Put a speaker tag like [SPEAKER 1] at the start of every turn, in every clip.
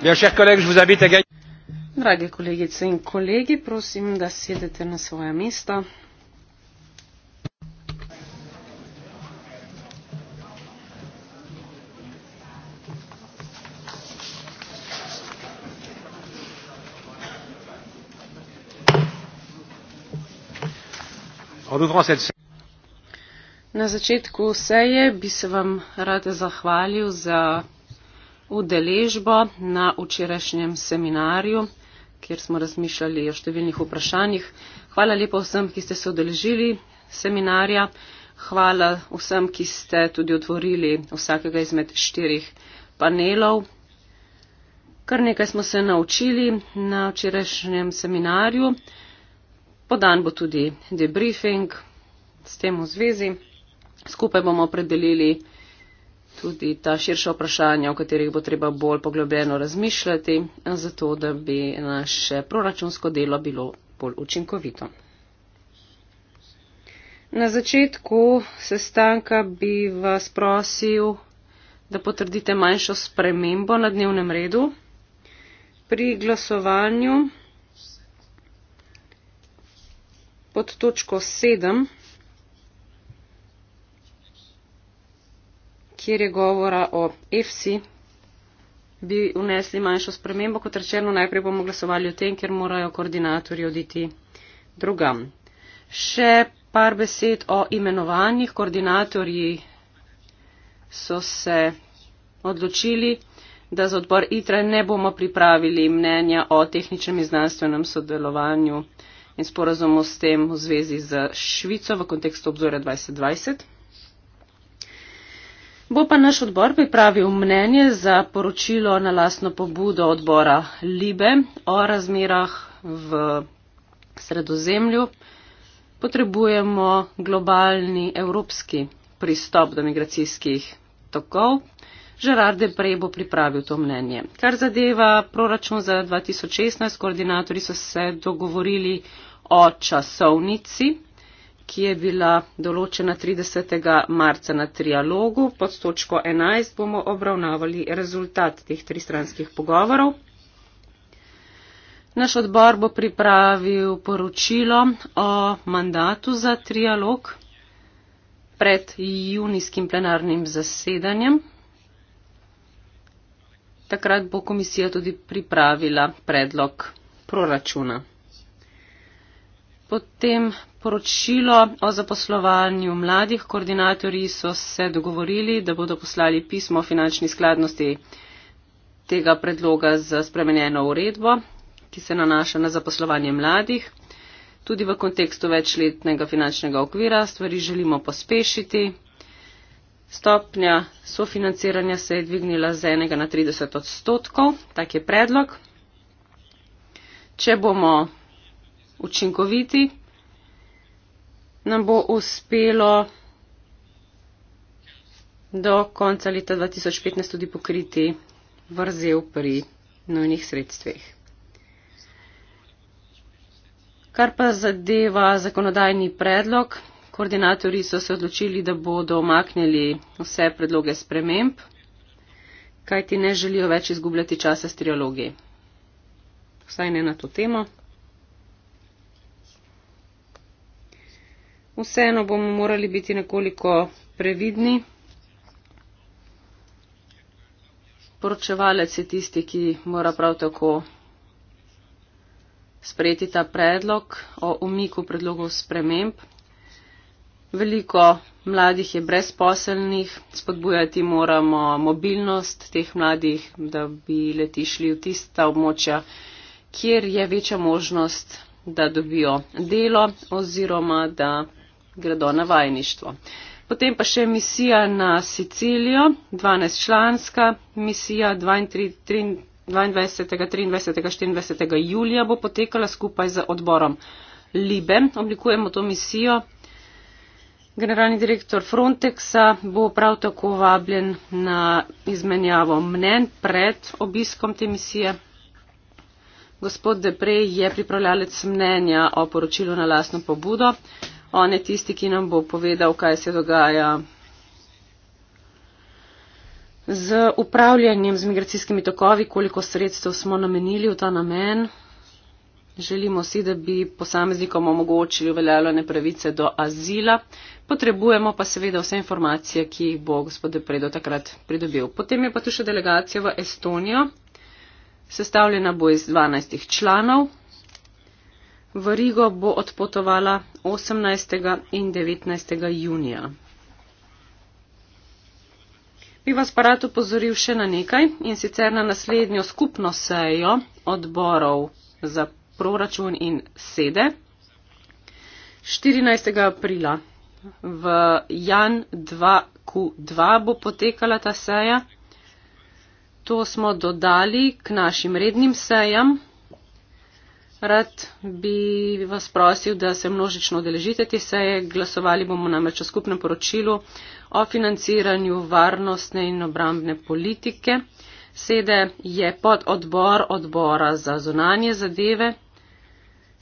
[SPEAKER 1] Dragi kolegice in kolegi, prosim, da sedete na svoja mesta. Na začetku seje bi se vam rada zahvalil za udeležbo na včerajšnjem seminarju, kjer smo razmišljali o številnih vprašanjih. Hvala lepo vsem, ki ste se udeležili seminarja. Hvala vsem, ki ste tudi otvorili vsakega izmed štirih panelov. Kar nekaj smo se naučili na včerajšnjem seminarju. Podan bo tudi debriefing s tem v zvezi. Skupaj bomo opredelili tudi ta širša vprašanja, o katerih bo treba bolj poglobljeno razmišljati, zato da bi naše proračunsko delo bilo bolj učinkovito. Na začetku sestanka bi vas prosil, da potrdite manjšo spremembo na dnevnem redu. Pri glasovanju pod točko 7 kjer je govora o EFSI, bi unesli manjšo spremembo, kot rečeno najprej bomo glasovali o tem, ker morajo koordinatorji oditi drugam. Še par besed o imenovanjih. Koordinatorji so se odločili, da za odbor ITRE ne bomo pripravili mnenja o tehničnem in znanstvenem sodelovanju in sporazumu s tem v zvezi z Švico v kontekstu obzorja 2020. Bo pa naš odbor pripravil mnenje za poročilo na lastno pobudo odbora Libe o razmerah v sredozemlju. Potrebujemo globalni evropski pristop do migracijskih tokov. Žerarde prej bo pripravil to mnenje. Kar zadeva proračun za 2016, koordinatori so se dogovorili o časovnici ki je bila določena 30. marca na trialogu. Pod točko 11 bomo obravnavali rezultat teh tristranskih pogovorov. Naš odbor bo pripravil poročilo o mandatu za trialog pred junijskim plenarnim zasedanjem. Takrat bo komisija tudi pripravila predlog proračuna. Potem poročilo o zaposlovanju mladih. Koordinatorji so se dogovorili, da bodo poslali pismo o finančni skladnosti tega predloga za spremenjeno uredbo, ki se nanaša na zaposlovanje mladih. Tudi v kontekstu večletnega finančnega okvira stvari želimo pospešiti. Stopnja sofinanciranja se je dvignila z enega na 30 odstotkov, tak je predlog. Če bomo učinkoviti, nam bo uspelo do konca leta 2015 tudi pokriti vrzel pri nujnih sredstvih. Kar pa zadeva zakonodajni predlog, koordinatori so se odločili, da bodo omaknili vse predloge sprememb, kajti ne želijo več izgubljati časa s triologi. Vsaj ne na to temo. Vseeno bomo morali biti nekoliko previdni. Poročevalec je tisti, ki mora prav tako sprejeti ta predlog o umiku predlogov sprememb. Veliko mladih je brezposelnih, spodbujati moramo mobilnost teh mladih, da bi leti šli v tista območja, kjer je večja možnost, da dobijo delo oziroma da gredo na vajništvo. Potem pa še misija na Sicilijo, 12 članska misija 23, 23, 23, 24. julija bo potekala skupaj z odborom Libe. Oblikujemo to misijo. Generalni direktor Frontexa bo prav tako vabljen na izmenjavo mnen pred obiskom te misije. Gospod Deprej je pripravljalec mnenja o poročilu na lasno pobudo on je tisti, ki nam bo povedal, kaj se dogaja z upravljanjem z migracijskimi tokovi, koliko sredstev smo namenili v ta namen. Želimo si, da bi posameznikom omogočili uveljavljene pravice do azila, potrebujemo pa seveda vse informacije, ki jih bo gospod Depredo takrat pridobil. Potem je pa tu še delegacija v Estonijo, sestavljena bo iz 12 članov. V Rigo bo odpotovala 18. in 19. junija. Bi vas pa rad upozoril še na nekaj in sicer na naslednjo skupno sejo odborov za proračun in sede 14. aprila v Jan 2Q2 bo potekala ta seja. To smo dodali k našim rednim sejam, Rad bi vas prosil, da se množično deležite te seje. Glasovali bomo namreč o skupnem poročilu o financiranju varnostne in obrambne politike. Sede je pod odbor odbora za zonanje zadeve.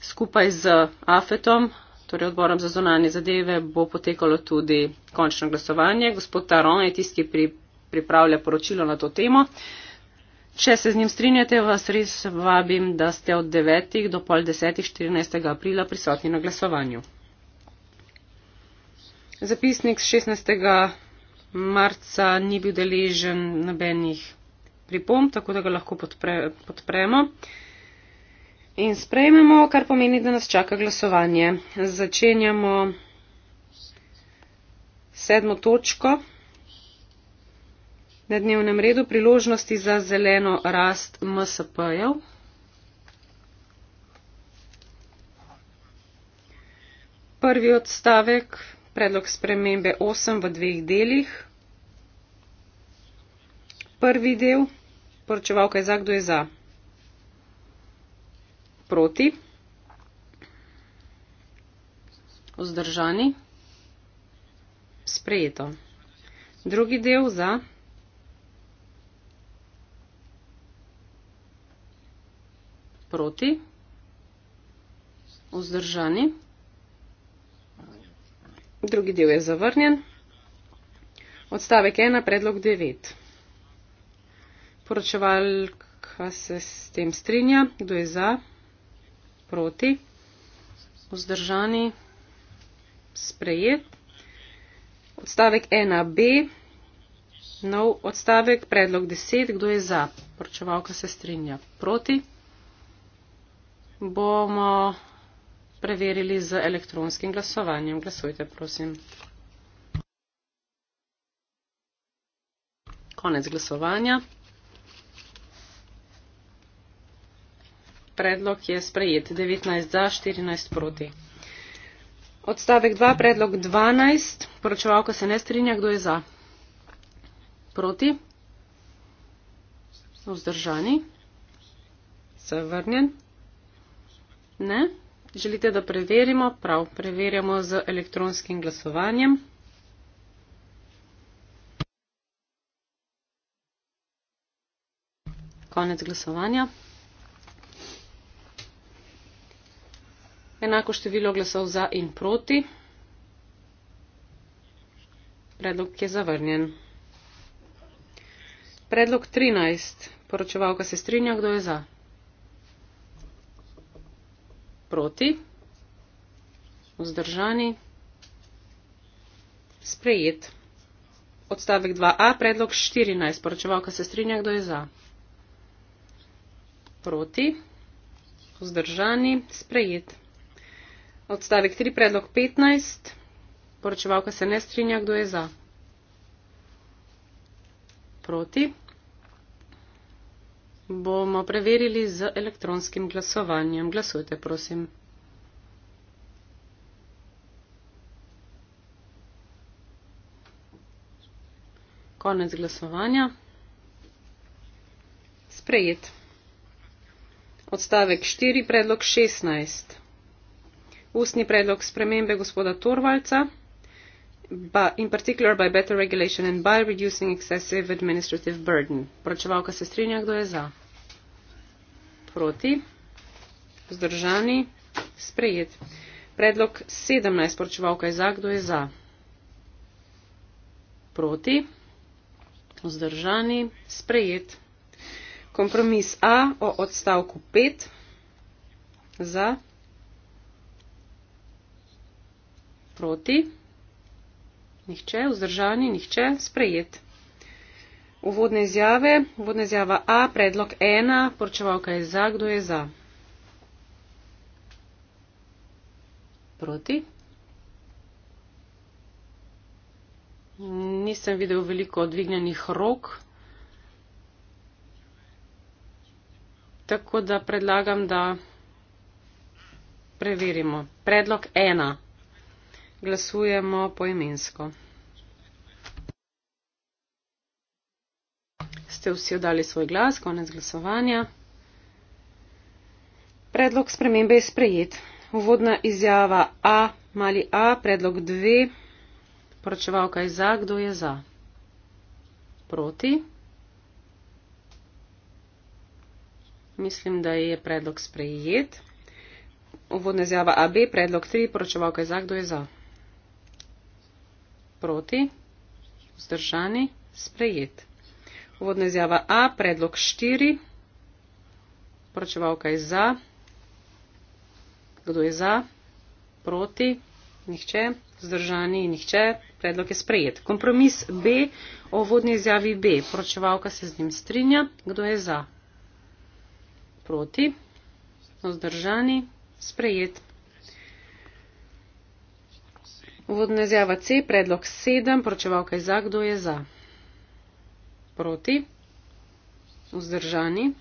[SPEAKER 1] Skupaj z AFETom, torej odborom za zonanje zadeve, bo potekalo tudi končno glasovanje. Gospod Taron je tisti, ki pripravlja poročilo na to temo. Če se z njim strinjate, vas res vabim, da ste od 9. do pol 10. 14. aprila prisotni na glasovanju. Zapisnik z 16. marca ni bil deležen nobenih pripomb, tako da ga lahko podpre, podpremo. In sprejmemo, kar pomeni, da nas čaka glasovanje. Začenjamo sedmo točko na dnevnem redu priložnosti za zeleno rast MSP-jev. Prvi odstavek, predlog spremembe 8 v dveh delih. Prvi del, poročevalka je za, kdo je za. Proti. Vzdržani. Sprejeto. Drugi del za. proti, vzdržani. Drugi del je zavrnjen. Odstavek 1, predlog 9. Poročevalka se s tem strinja, kdo je za, proti, vzdržani, sprejet. Odstavek 1b, nov odstavek, predlog 10, kdo je za, poročevalka se strinja, proti bomo preverili z elektronskim glasovanjem. Glasujte, prosim. Konec glasovanja. Predlog je sprejet 19 za 14 proti. Odstavek 2, predlog 12. Poročevalka se ne strinja, kdo je za. Proti. Vzdržani. Zavrnjen. Ne. Želite, da preverimo? Prav, preverjamo z elektronskim glasovanjem. Konec glasovanja. Enako število glasov za in proti. Predlog je zavrnjen. Predlog 13. Poročevalka se strinja, kdo je za proti, vzdržani, sprejet. Odstavek 2a, predlog 14, poročevalka se strinja, kdo je za. Proti, vzdržani, sprejet. Odstavek 3, predlog 15, poročevalka se ne strinja, kdo je za. Proti bomo preverili z elektronskim glasovanjem. Glasujte, prosim. Konec glasovanja. Sprejet. Odstavek 4, predlog 16. Ustni predlog spremembe gospoda Torvalca by, in particular by better regulation and by reducing excessive administrative burden. Poročevalka se strinja, kdo je za? Proti? Zdržani? Sprejet. Predlog 17, poročevalka je za, kdo je za? Proti? Zdržani? Sprejet. Kompromis A o odstavku 5. Za? Proti? Nihče, vzdržani, nihče, sprejet. Uvodne izjave, uvodna izjava A, predlog 1, poročevalka je za, kdo je za? Proti? Nisem videl veliko odvignjenih rok, tako da predlagam, da preverimo. Predlog 1. Glasujemo poimensko. Ste vsi oddali svoj glas, konec glasovanja. Predlog spremembe je sprejet. Uvodna izjava A, mali A, predlog 2, poročevalka je za, kdo je za. Proti. Mislim, da je predlog sprejet. Uvodna izjava AB, predlog 3, poročevalka je za, kdo je za proti, vzdržani, sprejet. Uvodna izjava A, predlog 4, poročevalka je za, kdo je za, proti, nihče, vzdržani, nihče, predlog je sprejet. Kompromis B, o uvodni izjavi B, poročevalka se z njim strinja, kdo je za, proti, vzdržani, sprejet. Uvodna izjava C, predlog 7, pročevalka je za, kdo je za. Proti, vzdržani,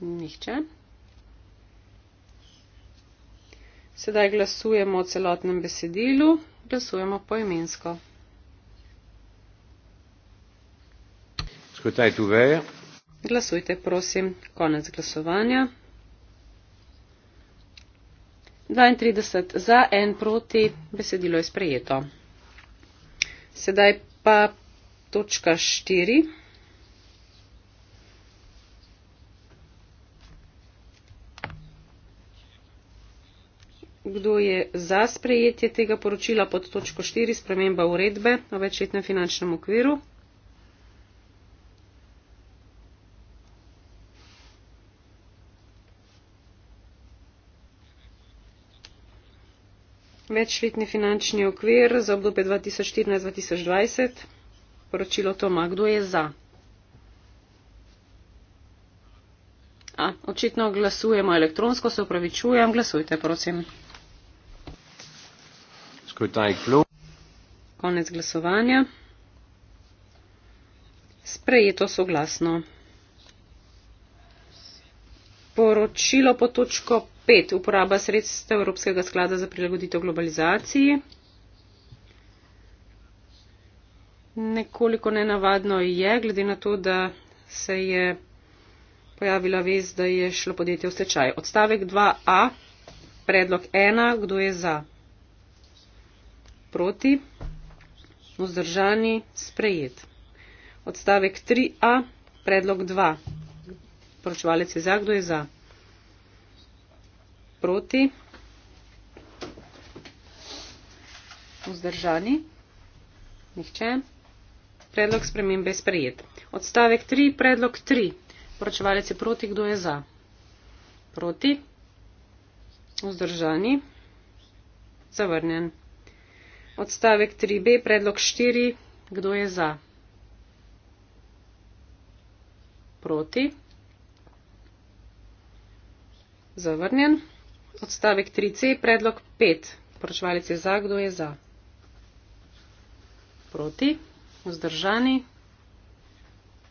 [SPEAKER 1] nihče. Sedaj glasujemo o celotnem besedilu, glasujemo poimensko. Glasujte, prosim, konec glasovanja. 32 za, 1 proti, besedilo je sprejeto. Sedaj pa točka 4. Kdo je za sprejetje tega poročila pod točko 4 sprememba uredbe o večletnem finančnem okviru? večletni finančni okvir za obdobje 2014-2020. Poročilo Toma, kdo je za? A, očitno glasujemo elektronsko, se upravičujem, glasujte, prosim. Konec glasovanja. Sprejeto soglasno. Poročilo po točko 5. Uporaba sredstev Evropskega sklada za prilagoditev globalizaciji. Nekoliko nenavadno je, glede na to, da se je pojavila vez, da je šlo podjetje v stečaj. Odstavek 2a, predlog 1, kdo je za? Proti? Vzdržani? Sprejet. Odstavek 3a, predlog 2, poročevalec je za, kdo je za? proti, vzdržani, nihče. Predlog spremembe je sprejet. Odstavek 3, predlog 3. Poročevalec je proti, kdo je za? Proti, vzdržani, zavrnjen. Odstavek 3b, predlog 4, kdo je za? Proti, zavrnjen. Odstavek 3c, predlog 5. Poročevalec je za, kdo je za. Proti, vzdržani,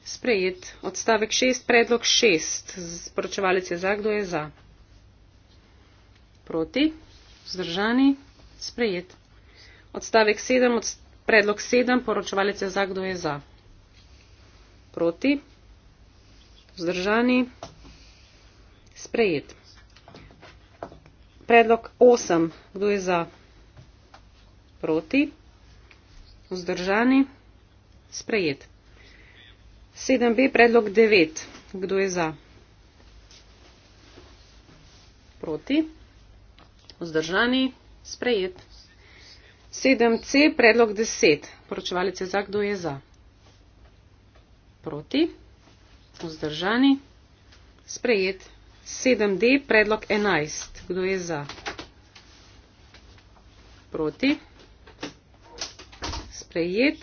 [SPEAKER 1] sprejet. Odstavek 6, predlog 6. Poročevalec je za, kdo je za. Proti, vzdržani, sprejet. Odstavek 7, od, predlog 7. Poročevalec je za, kdo je za. Proti, vzdržani, sprejet. Predlog 8. Kdo je za? Proti? Vzdržani? Sprejet. 7b. Predlog 9. Kdo je za? Proti? Vzdržani? Sprejet. 7c. Predlog 10. Poročevalice za. Kdo je za? Proti? Vzdržani? Sprejet. 7d. Predlog 11. Kdo je za? Proti. Sprejet.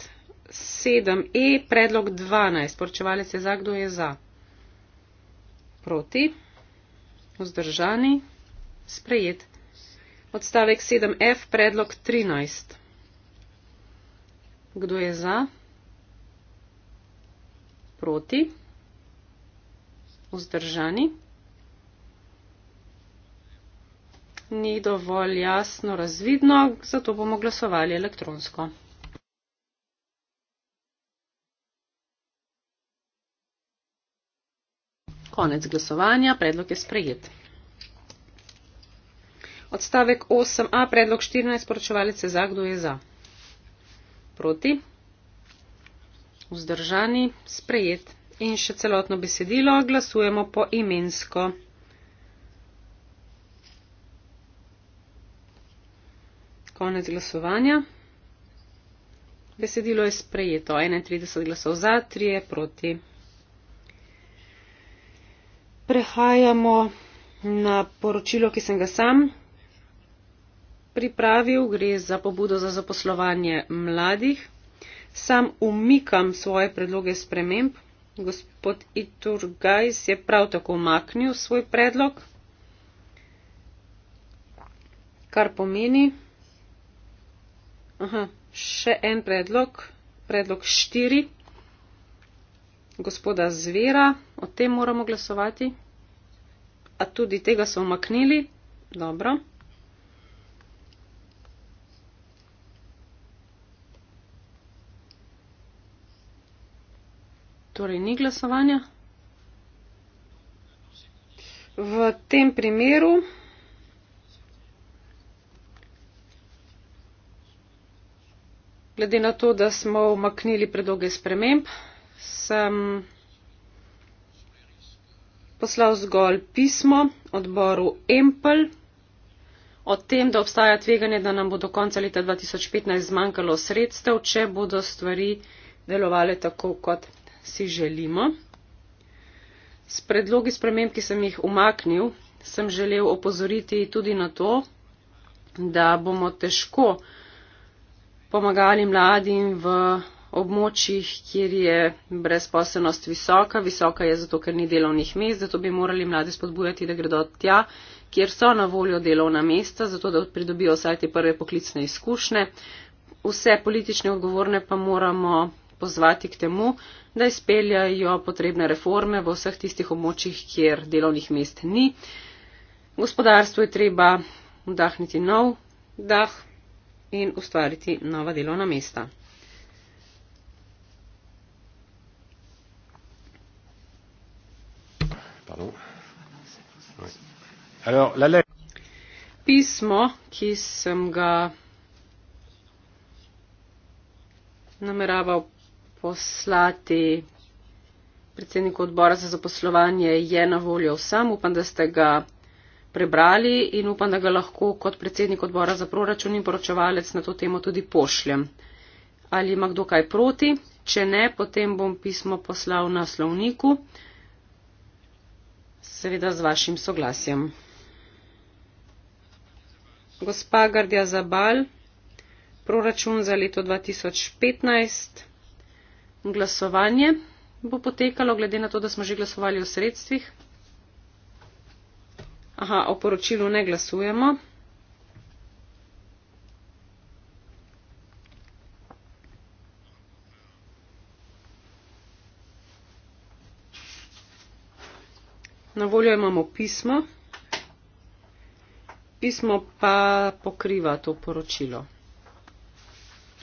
[SPEAKER 1] 7E, predlog 12. Poročevalec je za, kdo je za. Proti. Vzdržani. Sprejet. Odstavek 7F, predlog 13. Kdo je za? Proti. Vzdržani. ni dovolj jasno razvidno, zato bomo glasovali elektronsko. Konec glasovanja, predlog je sprejet. Odstavek 8a, predlog 14, poročevalec je za, kdo je za. Proti, vzdržani, sprejet. In še celotno besedilo glasujemo po imensko. konec glasovanja. Besedilo je sprejeto. 31 glasov za, 3 proti. Prehajamo na poročilo, ki sem ga sam pripravil. Gre za pobudo za zaposlovanje mladih. Sam umikam svoje predloge sprememb. Gospod Iturgajs je prav tako umaknil svoj predlog, kar pomeni, Aha, še en predlog, predlog štiri, gospoda Zvera, o tem moramo glasovati. A tudi tega so omaknili? Dobro. Torej, ni glasovanja. V tem primeru glede na to, da smo umaknili predloge sprememb, sem poslal zgolj pismo odboru EMPL o tem, da obstaja tveganje, da nam bo do konca leta 2015 zmanjkalo sredstev, če bodo stvari delovale tako, kot si želimo. S predlogi sprememb, ki sem jih umaknil, sem želel opozoriti tudi na to, da bomo težko pomagali mladim v območjih, kjer je brezposobnost visoka. Visoka je zato, ker ni delovnih mest, zato bi morali mladi spodbujati, da gredo tja, kjer so na voljo delovna mesta, zato da pridobijo vsaj te prve poklicne izkušnje. Vse politične odgovorne pa moramo pozvati k temu, da izpeljajo potrebne reforme v vseh tistih območjih, kjer delovnih mest ni. Gospodarstvo je treba vdahniti nov dah in ustvariti nova delovna mesta. Pismo, ki sem ga nameraval poslati predsedniku odbora za zaposlovanje, je na voljo vsem. Upam, da ste ga prebrali in upam, da ga lahko kot predsednik odbora za proračun in poročevalec na to temo tudi pošljem. Ali ima kdo kaj proti? Če ne, potem bom pismo poslal na slovniku, seveda z vašim soglasjem. Gospa Gardja Zabal, proračun za leto 2015. Glasovanje bo potekalo, glede na to, da smo že glasovali o sredstvih. Aha, o poročilu ne glasujemo. Na voljo imamo pismo. Pismo pa pokriva to poročilo.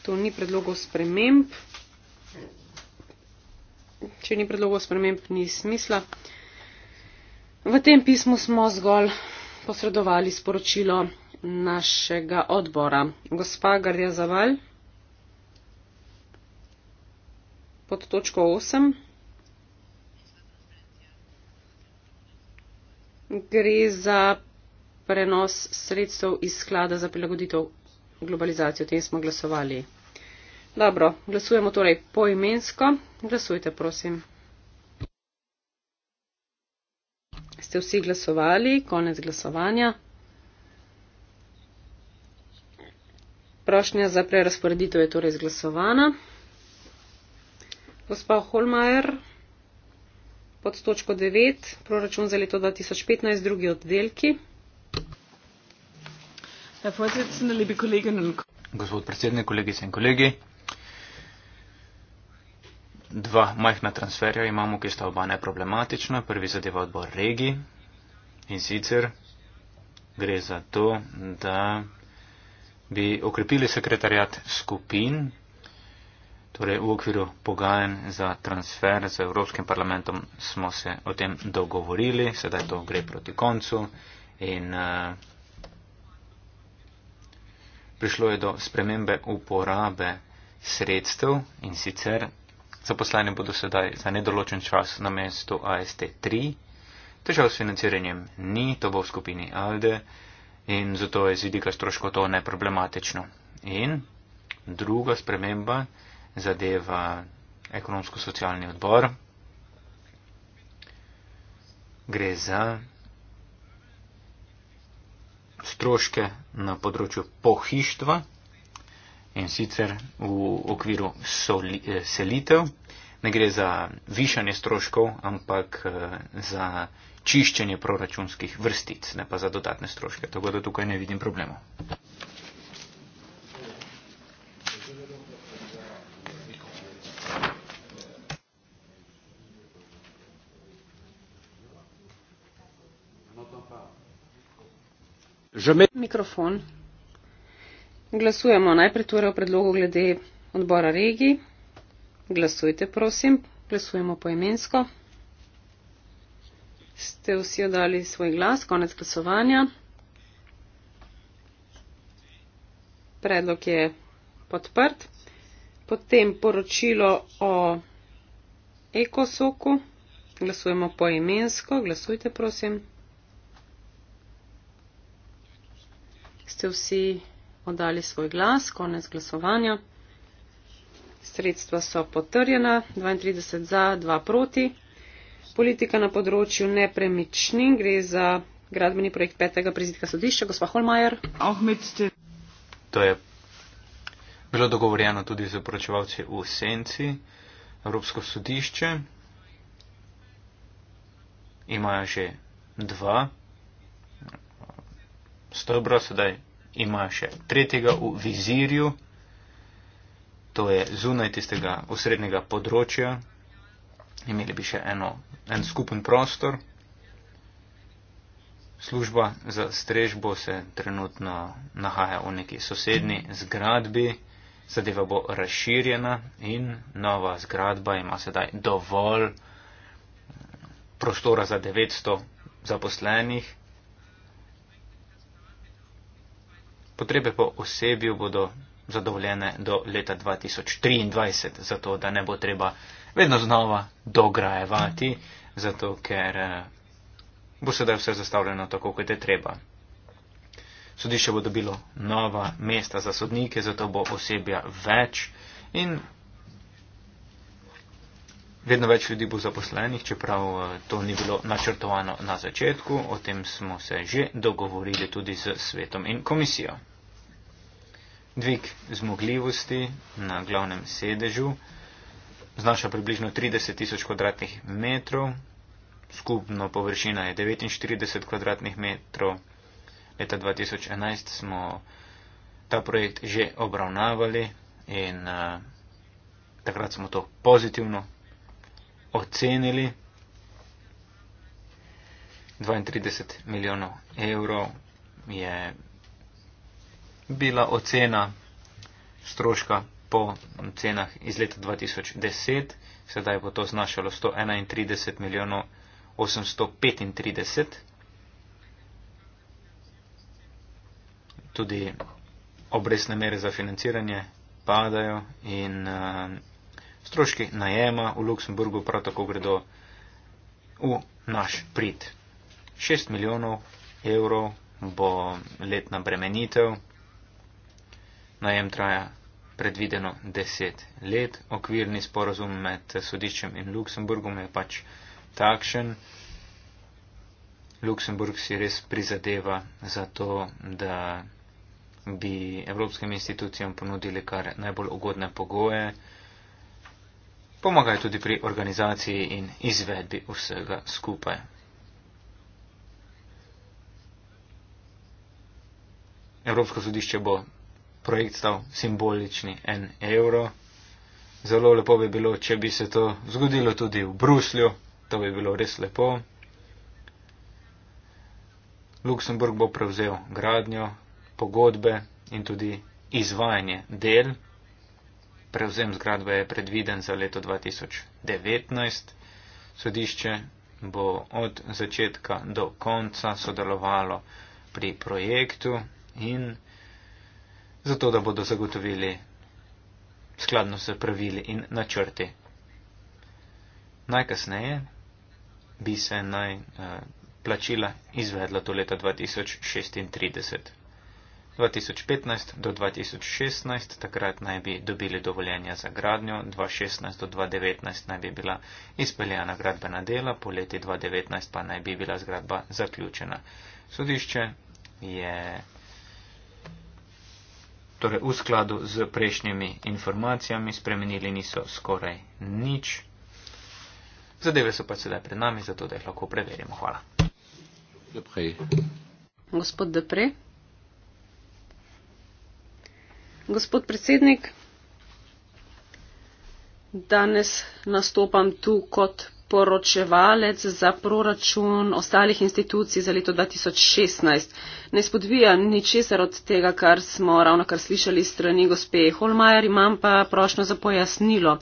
[SPEAKER 1] To ni predlogov sprememb. Če ni predlogov sprememb, ni smisla. V tem pismu smo zgolj posredovali sporočilo našega odbora. Gospa Gardja Zaval, pod točko 8. Gre za prenos sredstev iz sklada za prilagoditev globalizacijo. O tem smo glasovali. Dobro, glasujemo torej poimensko. Glasujte, prosim. ste vsi glasovali, konec glasovanja. Prošnja za prerasporeditev je torej izglasovana. Gospa Holmajer, pod točko 9, proračun za leto 2015, drugi oddelki.
[SPEAKER 2] Gospod predsednik, kolegice in kolegi dva majhna transferja imamo, ki sta oba neproblematična. Prvi zadeva odbor regi in sicer gre za to, da bi okrepili sekretarjat skupin, torej v okviru pogajanj za transfer z Evropskim parlamentom smo se o tem dogovorili, sedaj to gre proti koncu in uh, prišlo je do spremembe uporabe sredstev in sicer Zaposleni bodo sedaj za nedoločen čas na mestu AST3. Težav s financiranjem ni, to bo v skupini ALDE in zato je z vidika stroško to neproblematično. In druga sprememba zadeva ekonomsko-socialni odbor. Gre za stroške na področju pohištva in sicer v okviru eh, selitev. Ne gre za višanje stroškov, ampak eh, za čiščenje proračunskih vrstic, ne pa za dodatne stroške. Tako da tukaj ne vidim problema.
[SPEAKER 1] Mikrofon. Glasujemo najprej torej o predlogu glede odbora regij. Glasujte, prosim. Glasujemo poemensko. Ste vsi odali svoj glas, konec glasovanja. Predlog je podprt. Potem poročilo o ekosoku. Glasujemo poemensko. Glasujte, prosim. Ste vsi podali svoj glas, konec glasovanja. Sredstva so potrjena, 32 za, 2 proti. Politika na področju nepremični gre za gradbeni projekt petega prizidka sodišča, gospa Holmajer.
[SPEAKER 2] To je bilo dogovorjeno tudi z opračevalci v Senci, Evropsko sodišče. Imajo že dva stebra, sedaj ima še tretjega v vizirju, to je zunaj tistega osrednjega področja, imeli bi še eno, en skupen prostor. Služba za strežbo se trenutno nahaja v neki sosednji zgradbi, zadeva bo razširjena in nova zgradba ima sedaj dovolj eh, prostora za 900 zaposlenih. potrebe po osebju bodo zadovoljene do leta 2023, zato da ne bo treba vedno znova dograjevati, zato ker eh, bo sedaj vse zastavljeno tako, kot je treba. Sodišče bo dobilo nova mesta za sodnike, zato bo osebja več in vedno več ljudi bo zaposlenih, čeprav eh, to ni bilo načrtovano na začetku. O tem smo se že dogovorili tudi z svetom in komisijo. Dvig zmogljivosti na glavnem sedežu znaša približno 30 tisoč kvadratnih metrov, skupno površina je 49 kvadratnih metrov. Leta 2011 smo ta projekt že obravnavali in uh, takrat smo to pozitivno ocenili. 32 milijonov evrov je bila ocena stroška po cenah iz leta 2010, sedaj bo to znašalo 131 milijonov 835. Tudi obresne mere za financiranje padajo in uh, stroški najema v Luksemburgu prav tako gredo v naš prid. 6 milijonov evrov bo letna bremenitev. Najem traja predvideno 10 let. Okvirni sporozum med sodiščem in Luksemburgom je pač takšen. Luksemburg si res prizadeva za to, da bi evropskim institucijam ponudili kar najbolj ugodne pogoje. Pomagajo tudi pri organizaciji in izvedbi vsega skupaj. Evropsko sodišče bo projekt stal simbolični en evro. Zelo lepo bi bilo, če bi se to zgodilo tudi v Bruslju, to bi bilo res lepo. Luksemburg bo prevzel gradnjo, pogodbe in tudi izvajanje del. Prevzem zgradbe je predviden za leto 2019. Sodišče bo od začetka do konca sodelovalo pri projektu in zato da bodo zagotovili skladno s pravili in načrti. Najkasneje bi se naj eh, plačila izvedla do leta 2036. 2015 do 2016 takrat naj bi dobili dovoljenja za gradnjo, 2016 do 2019 naj bi bila izpeljana gradbena dela, po leti 2019 pa naj bi bila zgradba zaključena. Sodišče je torej v skladu z prejšnjimi informacijami, spremenili niso skoraj nič. Zadeve so pa sedaj pred nami, zato da jih lahko preverimo. Hvala. Deprej.
[SPEAKER 1] Gospod Depre. Gospod predsednik, danes nastopam tu kot poročevalec za proračun ostalih institucij za leto 2016. Ne spodvija ničesar od tega, kar smo ravno kar slišali strani gospe Holmajer, imam pa prošno za pojasnilo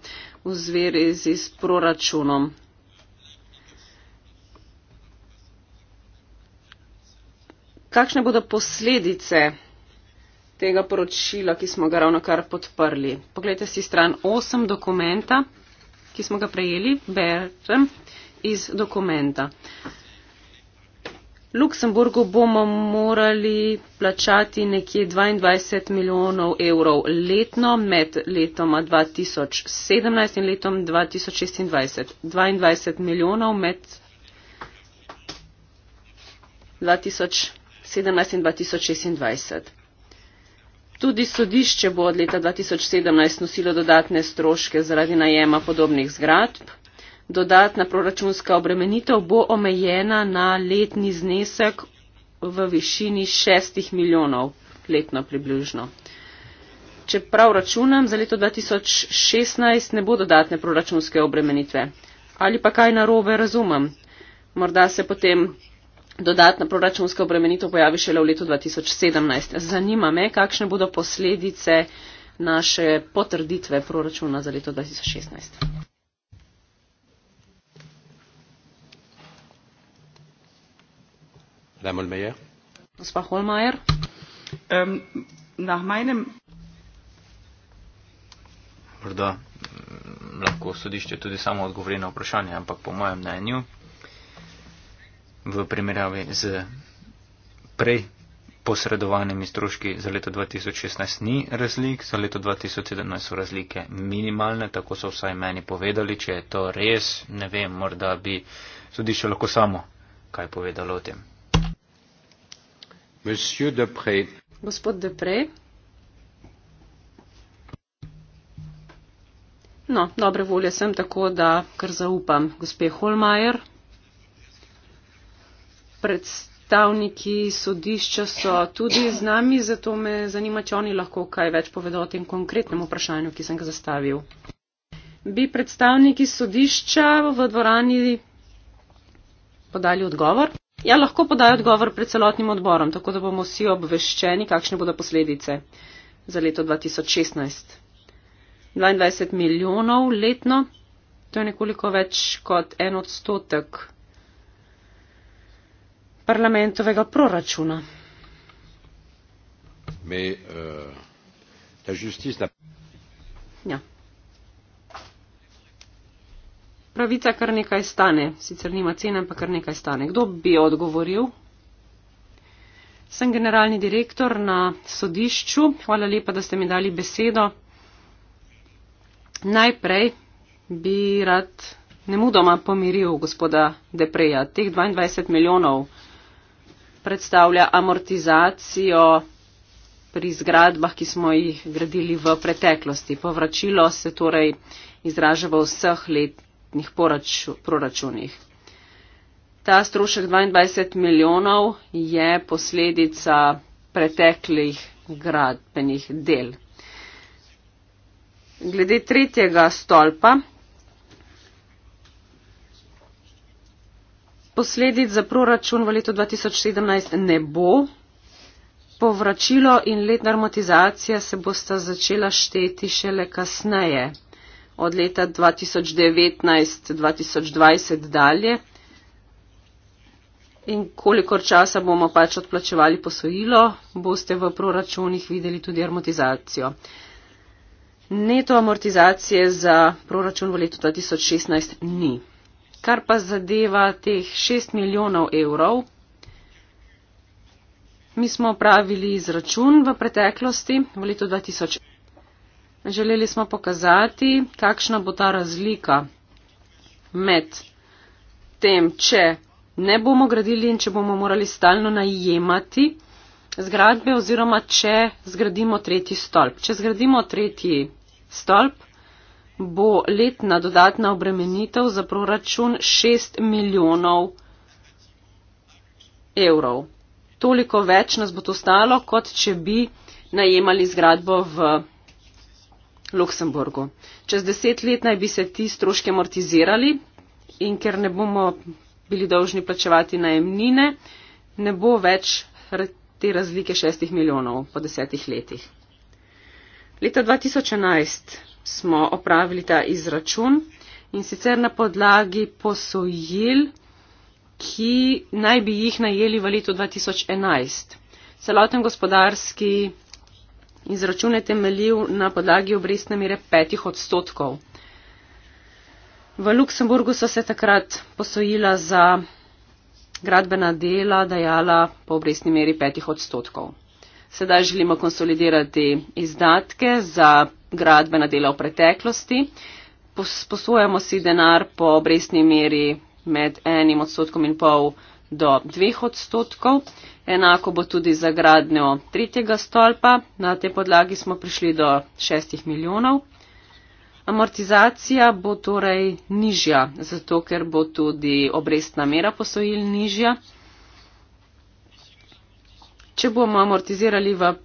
[SPEAKER 1] v zverezi s proračunom. Kakšne bodo posledice tega poročila, ki smo ga ravno kar podprli? Poglejte si stran 8 dokumenta ki smo ga prejeli, berem iz dokumenta. Luksemburgu bomo morali plačati nekje 22 milijonov evrov letno med letoma 2017 in letom 2026. 22 milijonov med 2017 in 2026. Tudi sodišče bo od leta 2017 nosilo dodatne stroške zaradi najema podobnih zgradb. Dodatna proračunska obremenitev bo omejena na letni znesek v višini 6 milijonov letno približno. Če prav računam, za leto 2016 ne bo dodatne proračunske obremenitve. Ali pa kaj narobe razumem? Morda se potem dodatna proračunska obremenitev pojavi šele v letu 2017. Zanima me, kakšne bodo posledice naše potrditve proračuna za leto 2016. Gospa Holmajer. Um,
[SPEAKER 2] Morda mm, lahko sodišče tudi samo odgovori na vprašanje, ampak po mojem mnenju v primerjavi z prej posredovanimi stroški za leto 2016 ni razlik, za leto 2017 so razlike minimalne, tako so vsaj meni povedali, če je to res, ne vem, morda bi sodišče lahko samo kaj povedalo o tem.
[SPEAKER 1] Gospod Deprej. No, dobre volje sem tako, da kar zaupam gospe Holmajer predstavniki sodišča so tudi z nami, zato me zanima, če oni lahko kaj več povedo o tem konkretnem vprašanju, ki sem ga zastavil. Bi predstavniki sodišča v dvorani podali odgovor? Ja, lahko podajo odgovor pred celotnim odborom, tako da bomo vsi obveščeni, kakšne bodo posledice za leto 2016. 22 milijonov letno, to je nekoliko več kot en odstotek parlamentovega proračuna.
[SPEAKER 2] Eh,
[SPEAKER 1] ja. Pravica kar nekaj stane, sicer nima cene, ampak kar nekaj stane. Kdo bi odgovoril? Sem generalni direktor na sodišču. Hvala lepa, da ste mi dali besedo. Najprej bi rad nemudoma pomiril gospoda Depreja. Teh 22 milijonov predstavlja amortizacijo pri zgradbah, ki smo jih gradili v preteklosti. Povračilo se torej izraža v vseh letnih poraču, proračunih. Ta strošek 22 milijonov je posledica preteklih gradbenih del. Glede tretjega stolpa posledic za proračun v letu 2017 ne bo. Povračilo in letna armatizacija se bosta začela šteti šele kasneje, od leta 2019-2020 dalje. In kolikor časa bomo pač odplačevali posojilo, boste v proračunih videli tudi armatizacijo. Neto amortizacije za proračun v letu 2016 ni kar pa zadeva teh 6 milijonov evrov. Mi smo pravili izračun v preteklosti, v letu 2000. Želeli smo pokazati, kakšna bo ta razlika med tem, če ne bomo gradili in če bomo morali stalno najemati zgradbe oziroma če zgradimo tretji stolp. Če zgradimo tretji stolp, bo letna dodatna obremenitev za proračun 6 milijonov evrov. Toliko več nas bo to stalo, kot če bi najemali zgradbo v Luksemburgu. Čez deset let naj bi se ti stroške amortizirali in ker ne bomo bili dolžni plačevati najemnine, ne bo več te razlike 6 milijonov po desetih letih. Leta 2011 smo opravili ta izračun in sicer na podlagi posojil, ki naj bi jih najeli v letu 2011. Celoten gospodarski izračun je temeljil na podlagi obrestne mere 5 odstotkov. V Luksemburgu so se takrat posojila za gradbena dela dajala po obrestni meri 5 odstotkov. Sedaj želimo konsolidirati izdatke za gradbena dela v preteklosti. Posposujemo si denar po obrestni meri med enim odstotkom in pol do dveh odstotkov. Enako bo tudi za gradnjo tretjega stolpa. Na tej podlagi smo prišli do šestih milijonov. Amortizacija bo torej nižja, zato ker bo tudi obrestna mera posojil nižja. Če bomo amortizirali v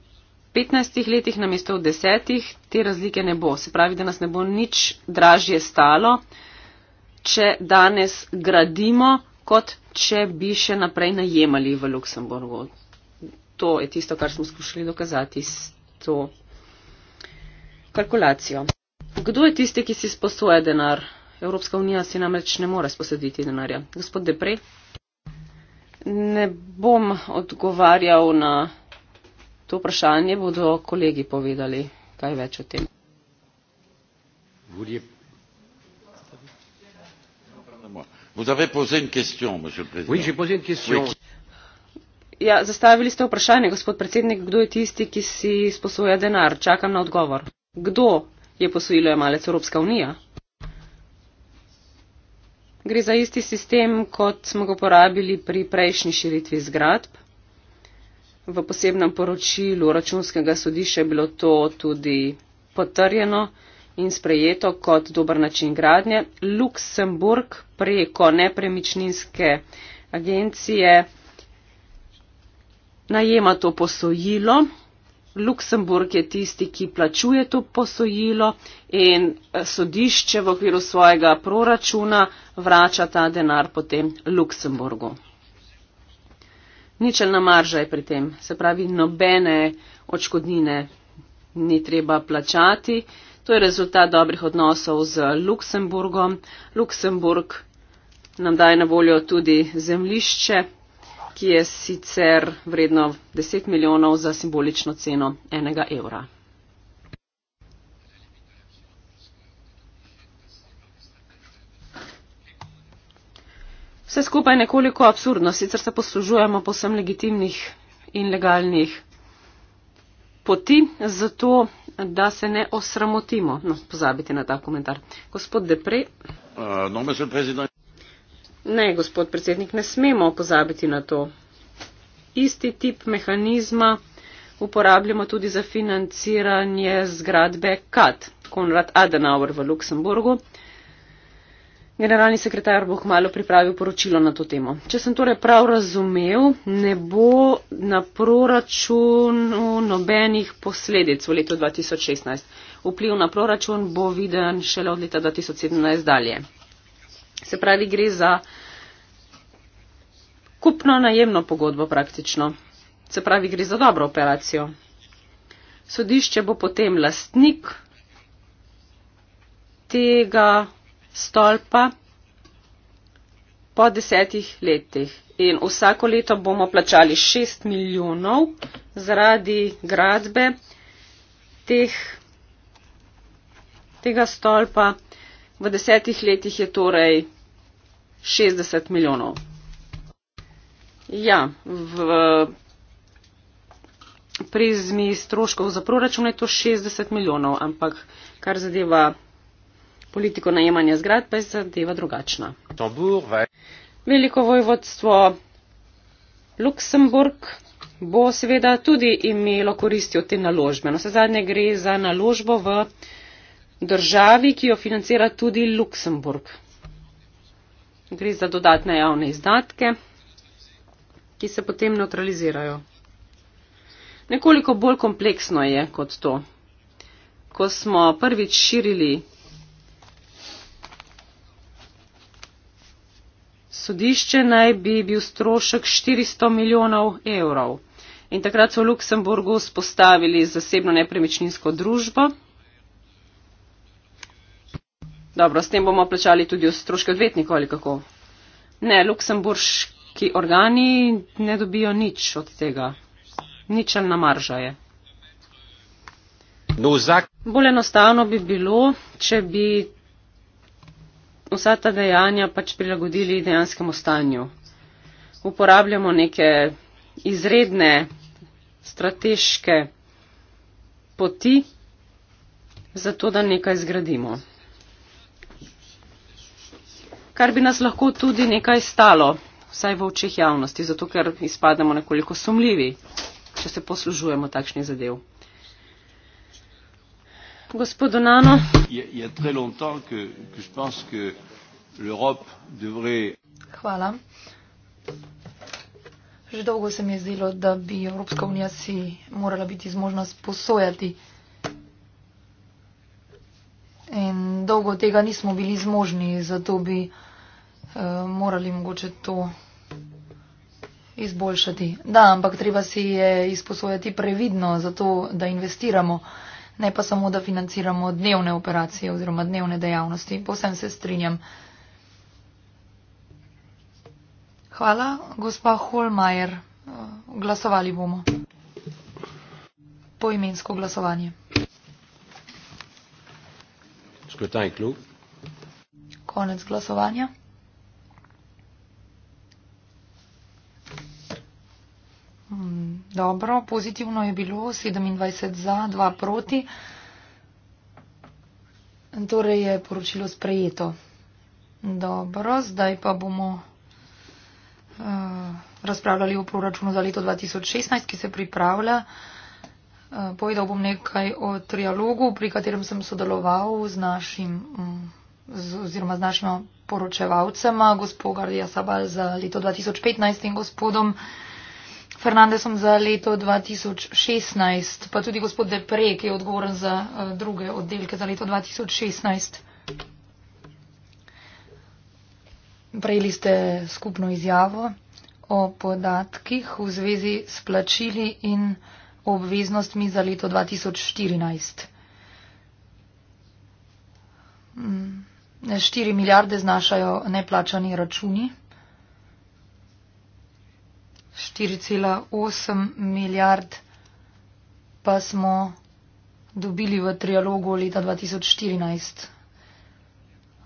[SPEAKER 1] 15 letih namesto v 10, te razlike ne bo. Se pravi, da nas ne bo nič dražje stalo, če danes gradimo, kot če bi še naprej najemali v Luksemburgu. To je tisto, kar smo skušali dokazati s to kalkulacijo. Kdo je tisti, ki si sposoja denar? Evropska unija si namreč ne more sposoditi denarja. Gospod Deprej. Ne bom odgovarjal na to vprašanje bodo kolegi povedali kaj več o tem. Oui, ja, zastavili ste vprašanje, gospod predsednik, kdo je tisti, ki si sposoja denar. Čakam na odgovor. Kdo je posojilo jemalec Evropska unija? Gre za isti sistem, kot smo ga uporabili pri prejšnji širitvi zgradb. V posebnem poročilu računskega sodišča je bilo to tudi potrjeno in sprejeto kot dober način gradnje. Luksemburg preko nepremičninske agencije najema to posojilo. Luksemburg je tisti, ki plačuje to posojilo in eh, sodišče v okviru svojega proračuna vrača ta denar potem Luksemburgu ničelna marža je pri tem, se pravi, nobene očkodnine ni treba plačati. To je rezultat dobrih odnosov z Luksemburgom. Luksemburg nam daje na voljo tudi zemlišče, ki je sicer vredno 10 milijonov za simbolično ceno enega evra. Vse skupaj je nekoliko absurdno, sicer se poslužujemo posem legitimnih in legalnih poti, zato da se ne osramotimo. No, pozabite na ta komentar. Gospod Depre. Uh, no, ne, gospod predsednik, ne smemo pozabiti na to. Isti tip mehanizma uporabljamo tudi za financiranje zgradbe KAT, Konrad Adenauer v Luksemburgu. Generalni sekretar bo kmalo pripravil poročilo na to temo. Če sem torej prav razumev, ne bo na proračunu nobenih posledic v letu 2016. Vpliv na proračun bo viden šele od leta 2017 dalje. Se pravi, gre za kupno najemno pogodbo praktično. Se pravi, gre za dobro operacijo. Sodišče bo potem lastnik tega stolpa po desetih letih. In vsako leto bomo plačali 6 milijonov zaradi gradbe teh, tega stolpa. V desetih letih je torej 60 milijonov. Ja, v prizmi stroškov za proračun je to 60 milijonov, ampak kar zadeva Politiko najemanja zgrad pa je zadeva drugačna. Veliko vojvodstvo Luksemburg bo seveda tudi imelo koristi od te naložbe. Na no, vse zadnje gre za naložbo v državi, ki jo financira tudi Luksemburg. Gre za dodatne javne izdatke, ki se potem neutralizirajo. Nekoliko bolj kompleksno je kot to. Ko smo prvič širili sodišče naj bi bil strošek 400 milijonov evrov. In takrat so v Luksemburgu spostavili zasebno nepremičninsko družbo. Dobro, s tem bomo plačali tudi stroške odvetnikov ali kako. Ne, luksemburški organi ne dobijo nič od tega. Ničelna marža je. No, Bolj enostavno bi bilo, če bi vsa ta dejanja pač prilagodili dejanskemu stanju. Uporabljamo neke izredne strateške poti, zato da nekaj zgradimo. Kar bi nas lahko tudi nekaj stalo, vsaj v očih javnosti, zato ker izpademo nekoliko sumljivi, če se poslužujemo takšnih zadev že
[SPEAKER 3] dolgo se mi je zdelo, da bi Evropska unija si morala biti zmožna sposojati. In dolgo tega nismo bili zmožni, zato bi uh, morali mogoče to izboljšati. Da, ampak treba si je izposojati previdno, zato da investiramo. Uh, ne pa samo, da financiramo dnevne operacije oziroma dnevne dejavnosti. Povsem se strinjam. Hvala, gospa Holmajer. Glasovali bomo. Poimensko glasovanje. Konec glasovanja. Mm, dobro, pozitivno je bilo 27 za, 2 proti. Torej je poročilo sprejeto. Dobro, zdaj pa bomo uh, razpravljali o proračunu za leto 2016, ki se pripravlja. Uh, povedal bom nekaj o trialogu, pri katerem sem sodeloval z našim, mm, z, oziroma z našima poročevalcema, gospod Gardija Sabal za leto 2015 in gospodom. Fernandesom za leto 2016, pa tudi gospod Depre, ki je odgovoren za uh, druge oddelke za leto 2016. Prejeli ste skupno izjavo o podatkih v zvezi s plačili in obveznostmi za leto 2014. 4 hm, milijarde znašajo neplačani računi. 4,8 milijard pa smo dobili v trialogu leta 2014.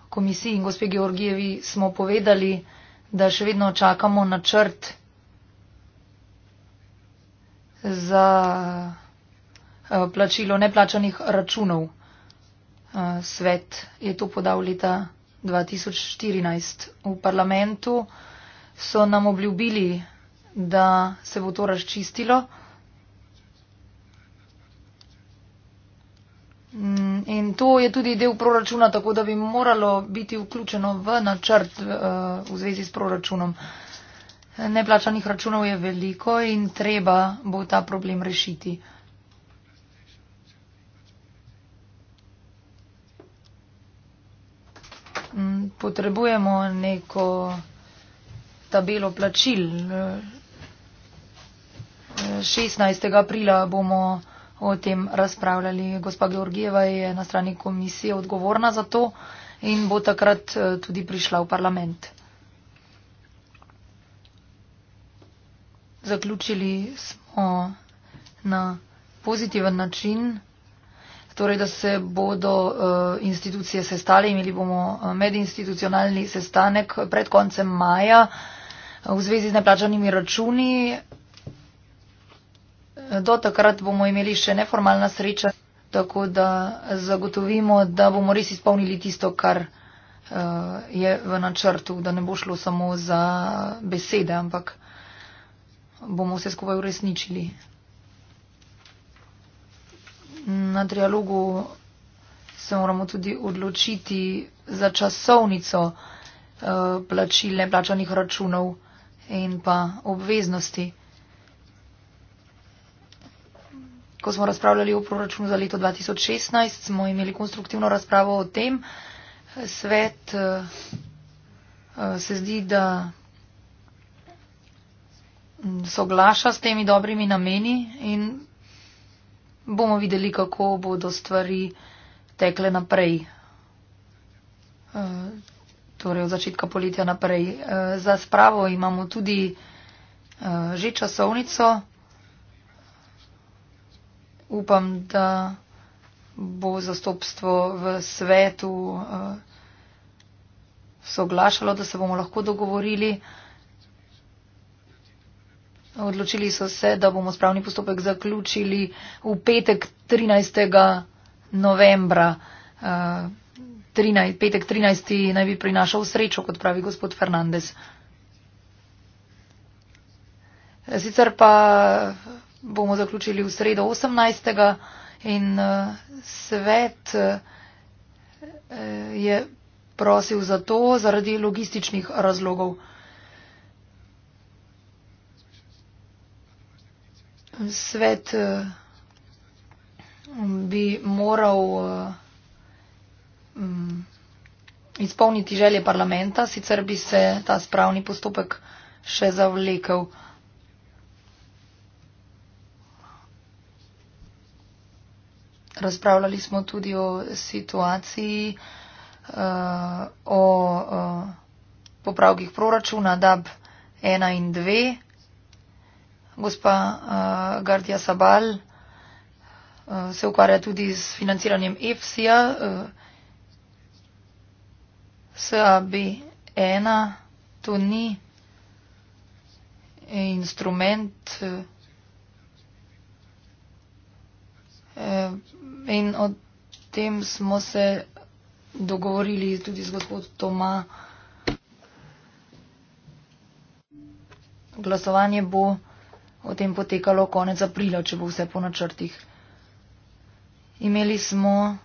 [SPEAKER 3] Komisiji in gospe Georgijevi smo povedali, da še vedno čakamo na črt za eh, plačilo neplačanih računov. Eh, svet je to podal leta 2014 v parlamentu. So nam obljubili da se bo to razčistilo. Mm, in to je tudi del proračuna, tako da bi moralo biti vključeno v načrt v zvezi s proračunom. Neplačanih računov je veliko in treba bo ta problem rešiti. Mm, potrebujemo neko tabelo plačil, eh, 16. aprila bomo o tem razpravljali. Gospa Georgijeva je na strani komisije odgovorna za to in bo takrat eh, tudi prišla v parlament. Zaključili smo na pozitiven način, torej, da se bodo eh, institucije sestale, imeli bomo eh, medinstitucionalni sestanek pred koncem maja v zvezi z neplačanimi računi do takrat bomo imeli še neformalna sreča, tako da zagotovimo, da bomo res izpolnili tisto, kar eh, je v načrtu, da ne bo šlo samo za besede, ampak bomo vse skupaj uresničili. Na trialogu se moramo tudi odločiti za časovnico eh, plačilne plačanih računov in pa obveznosti. ko smo razpravljali o proračunu za leto 2016, smo imeli konstruktivno razpravo o tem. Svet eh, eh, se zdi, da soglaša s temi dobrimi nameni in bomo videli, kako bodo stvari tekle naprej. Eh, torej od začetka poletja naprej. Za spravo imamo tudi že časovnico upam, da bo zastopstvo v svetu uh, soglašalo, da se bomo lahko dogovorili. Odločili so se, da bomo spravni postopek zaključili v petek 13. novembra. Uh, eh, 13, petek 13. naj bi prinašal srečo, kot pravi gospod Fernandez. Sicer pa bomo zaključili v sredo 18. in eh, svet eh, je prosil za to zaradi logističnih razlogov. Svet eh, bi moral izpolniti želje parlamenta, sicer bi se ta spravni postopek še zavlekel. razpravljali smo tudi o situaciji, uh, o uh, popravkih proračuna DAB 1 in 2. Gospa uh, Gardija Sabal uh, se ukvarja tudi z financiranjem EFSI-ja, uh, SAB 1, to ni instrument. Uh, In o tem smo se dogovorili tudi z gospod Toma. Glasovanje bo o tem potekalo konec aprila, če bo vse po načrtih. Imeli smo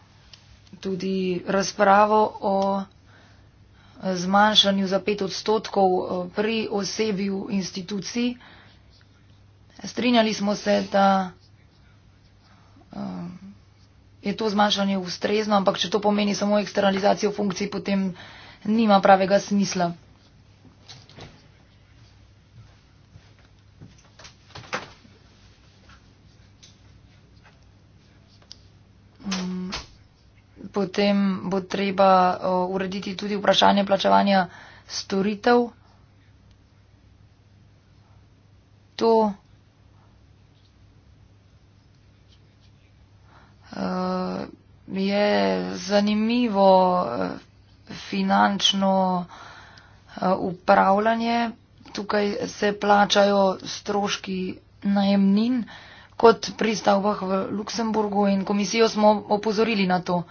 [SPEAKER 3] tudi razpravo o zmanjšanju za pet odstotkov eh, pri osebju institucij. Strinjali smo se, da je to zmanjšanje ustrezno, ampak če to pomeni samo eksternalizacijo funkcij, potem nima pravega smisla. Mm, potem bo treba urediti tudi vprašanje plačevanja storitev. To uh, je zanimivo eh, finančno uh, upravljanje. Tukaj se plačajo stroški najemnin, kot pri stavbah v Luksemburgu in komisijo smo opozorili na to.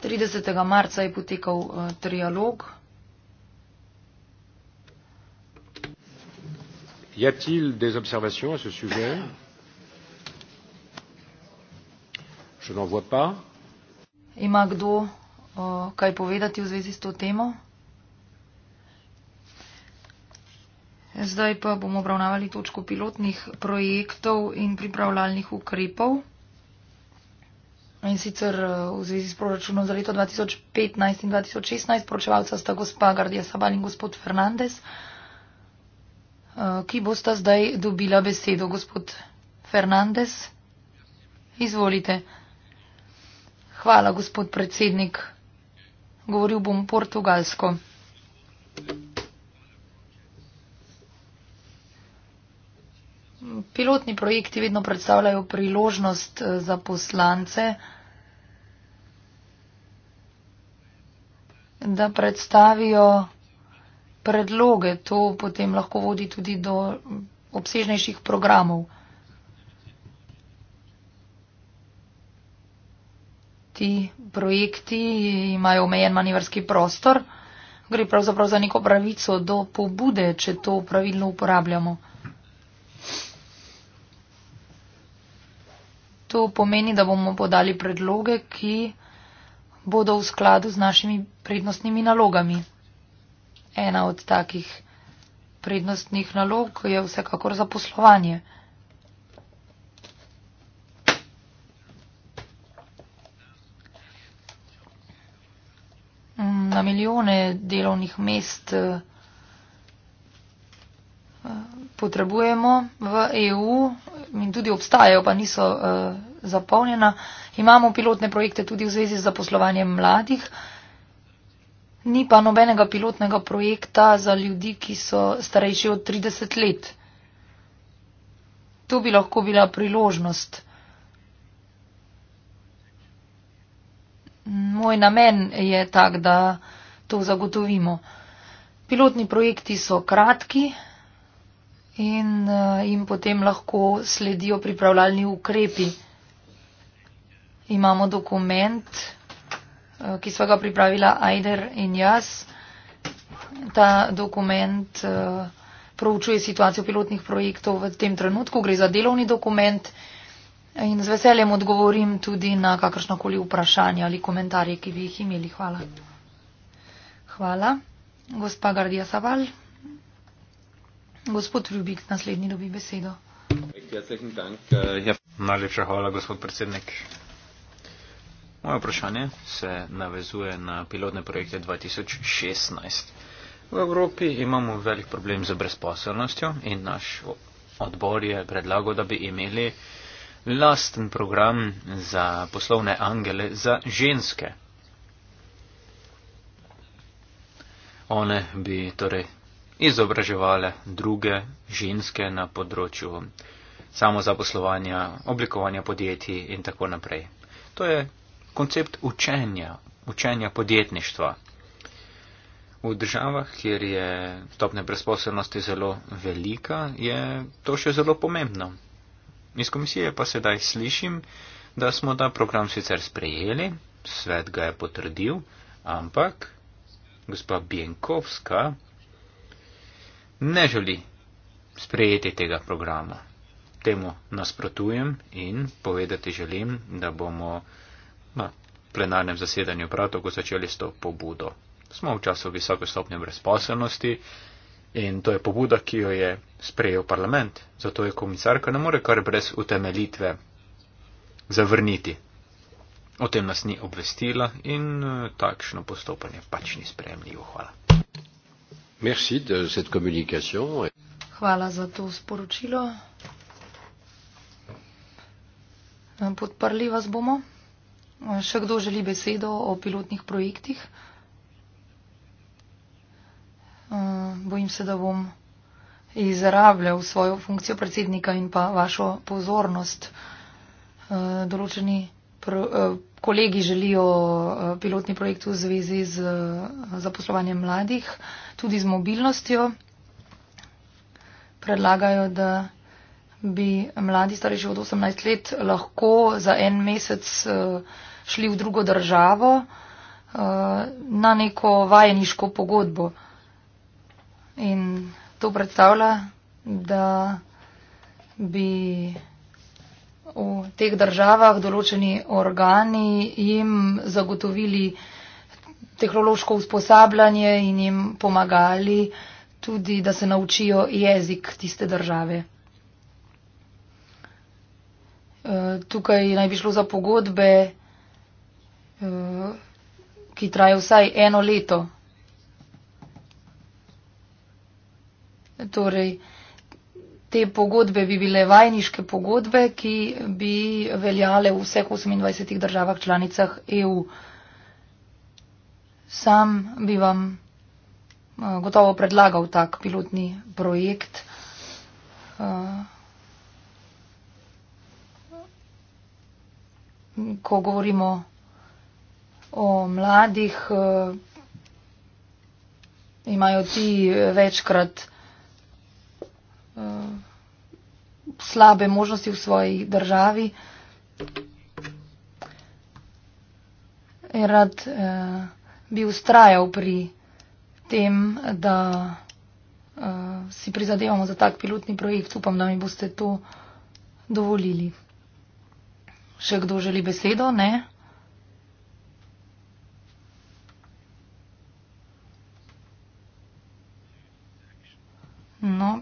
[SPEAKER 3] Tridesetega marca je potekal uh, trialog.
[SPEAKER 2] y a t il des observations à ce sujet? je n'en vois pas.
[SPEAKER 3] Ima kdo, uh, kaj povedati v zvezi s to temo? Zdaj pa bomo obravnavali točko pilotnih projektov in pripravljalnih ukrepov. In sicer uh, v zvezi s proračunom za leto 2015 in 2016 poročevalca sta gospa Gardija Sabal in gospod Fernandez. Uh, Eh, ki bosta zdaj dobila besedo. Gospod Fernandez, izvolite. Hvala, gospod predsednik. Govoril bom portugalsko. Pilotni projekti vedno predstavljajo priložnost eh, za poslance, da predstavijo predloge. To potem lahko vodi tudi do obsežnejših programov. Ti projekti imajo omejen manevrski prostor. Gre pravzaprav za neko pravico do pobude, če to pravilno uporabljamo. To pomeni, da bomo podali predloge, ki bodo v skladu z našimi prednostnimi nalogami ena od takih prednostnih nalog je vsekakor zaposlovanje. Na milijone delovnih mest eh, potrebujemo v EU in tudi obstajajo, pa niso eh, zapolnjena. Imamo pilotne projekte tudi v zvezi z zaposlovanjem mladih. Ni pa nobenega pilotnega projekta za ljudi, ki so starejši od 30 let. To bi lahko bila priložnost. Moj namen je tak, da to zagotovimo. Pilotni projekti so kratki in eh, jim potem lahko sledijo pripravljalni ukrepi. Imamo dokument. Eh, ki sva ga pripravila Ajder in jaz. Ta dokument eh, proučuje situacijo pilotnih projektov v tem trenutku, gre za delovni dokument in z veseljem odgovorim tudi na kakršnakoli vprašanja ali komentarje, ki bi jih imeli. Hvala. Hvala. Gospa Gardija Saval. Gospod Ljubik, naslednji dobi besedo.
[SPEAKER 2] Najlepša hvala, gospod predsednik. Moje vprašanje se navezuje na pilotne projekte 2016. V Evropi imamo velik problem z brezposelnostjo in naš odbor je predlagal, da bi imeli lasten program za poslovne angele za ženske. One bi torej izobraževale druge ženske na področju samozaposlovanja, oblikovanja podjetij in tako naprej. To je koncept učenja, učenja podjetništva. V državah, kjer je stopnja brezposobnosti zelo velika, je to še zelo pomembno. Iz komisije pa sedaj slišim, da smo ta program sicer sprejeli, svet ga je potrdil, ampak gospa Bienkovska ne želi sprejeti tega programa. Temu nasprotujem in povedati želim, da bomo na plenarnem zasedanju prav tako začeli s to pobudo. Smo v času visoke stopnje brezposelnosti in to je pobuda, ki jo je sprejel parlament, zato je komisarka ne more kar brez utemelitve zavrniti. O tem nas ni obvestila in eh, takšno postopanje pač ni sprejemljivo. Hvala.
[SPEAKER 3] Hvala za to sporočilo. Podprli vas bomo. Še kdo želi besedo o pilotnih projektih? Eh, bojim se, da bom izrabljal svojo funkcijo predsednika in pa vašo pozornost. Eh, določeni eh, kolegi želijo pilotni projekt v zvezi z zaposlovanjem mladih, tudi z mobilnostjo. Predlagajo, da bi mladi starejši od 18 let lahko za en mesec eh, šli v drugo državo eh, na neko vajeniško pogodbo. In to predstavlja, da bi v teh državah določeni organi jim zagotovili tehnološko usposabljanje in jim pomagali tudi, da se naučijo jezik tiste države tukaj naj bi šlo za pogodbe, eh, ki traje vsaj eno leto. Torej, te pogodbe bi bile vajniške pogodbe, ki bi veljale v vseh 28 državah članicah EU. Sam bi vam eh, gotovo predlagal tak pilotni projekt. Uh, ko govorimo o mladih, eh, imajo ti večkrat eh, slabe možnosti v svoji državi. Rad eh, bi ustrajal pri tem, da si prizadevamo za tak pilotni projekt. Upam, da mi boste to dovolili. Še kdo želi besedo? Ne. No,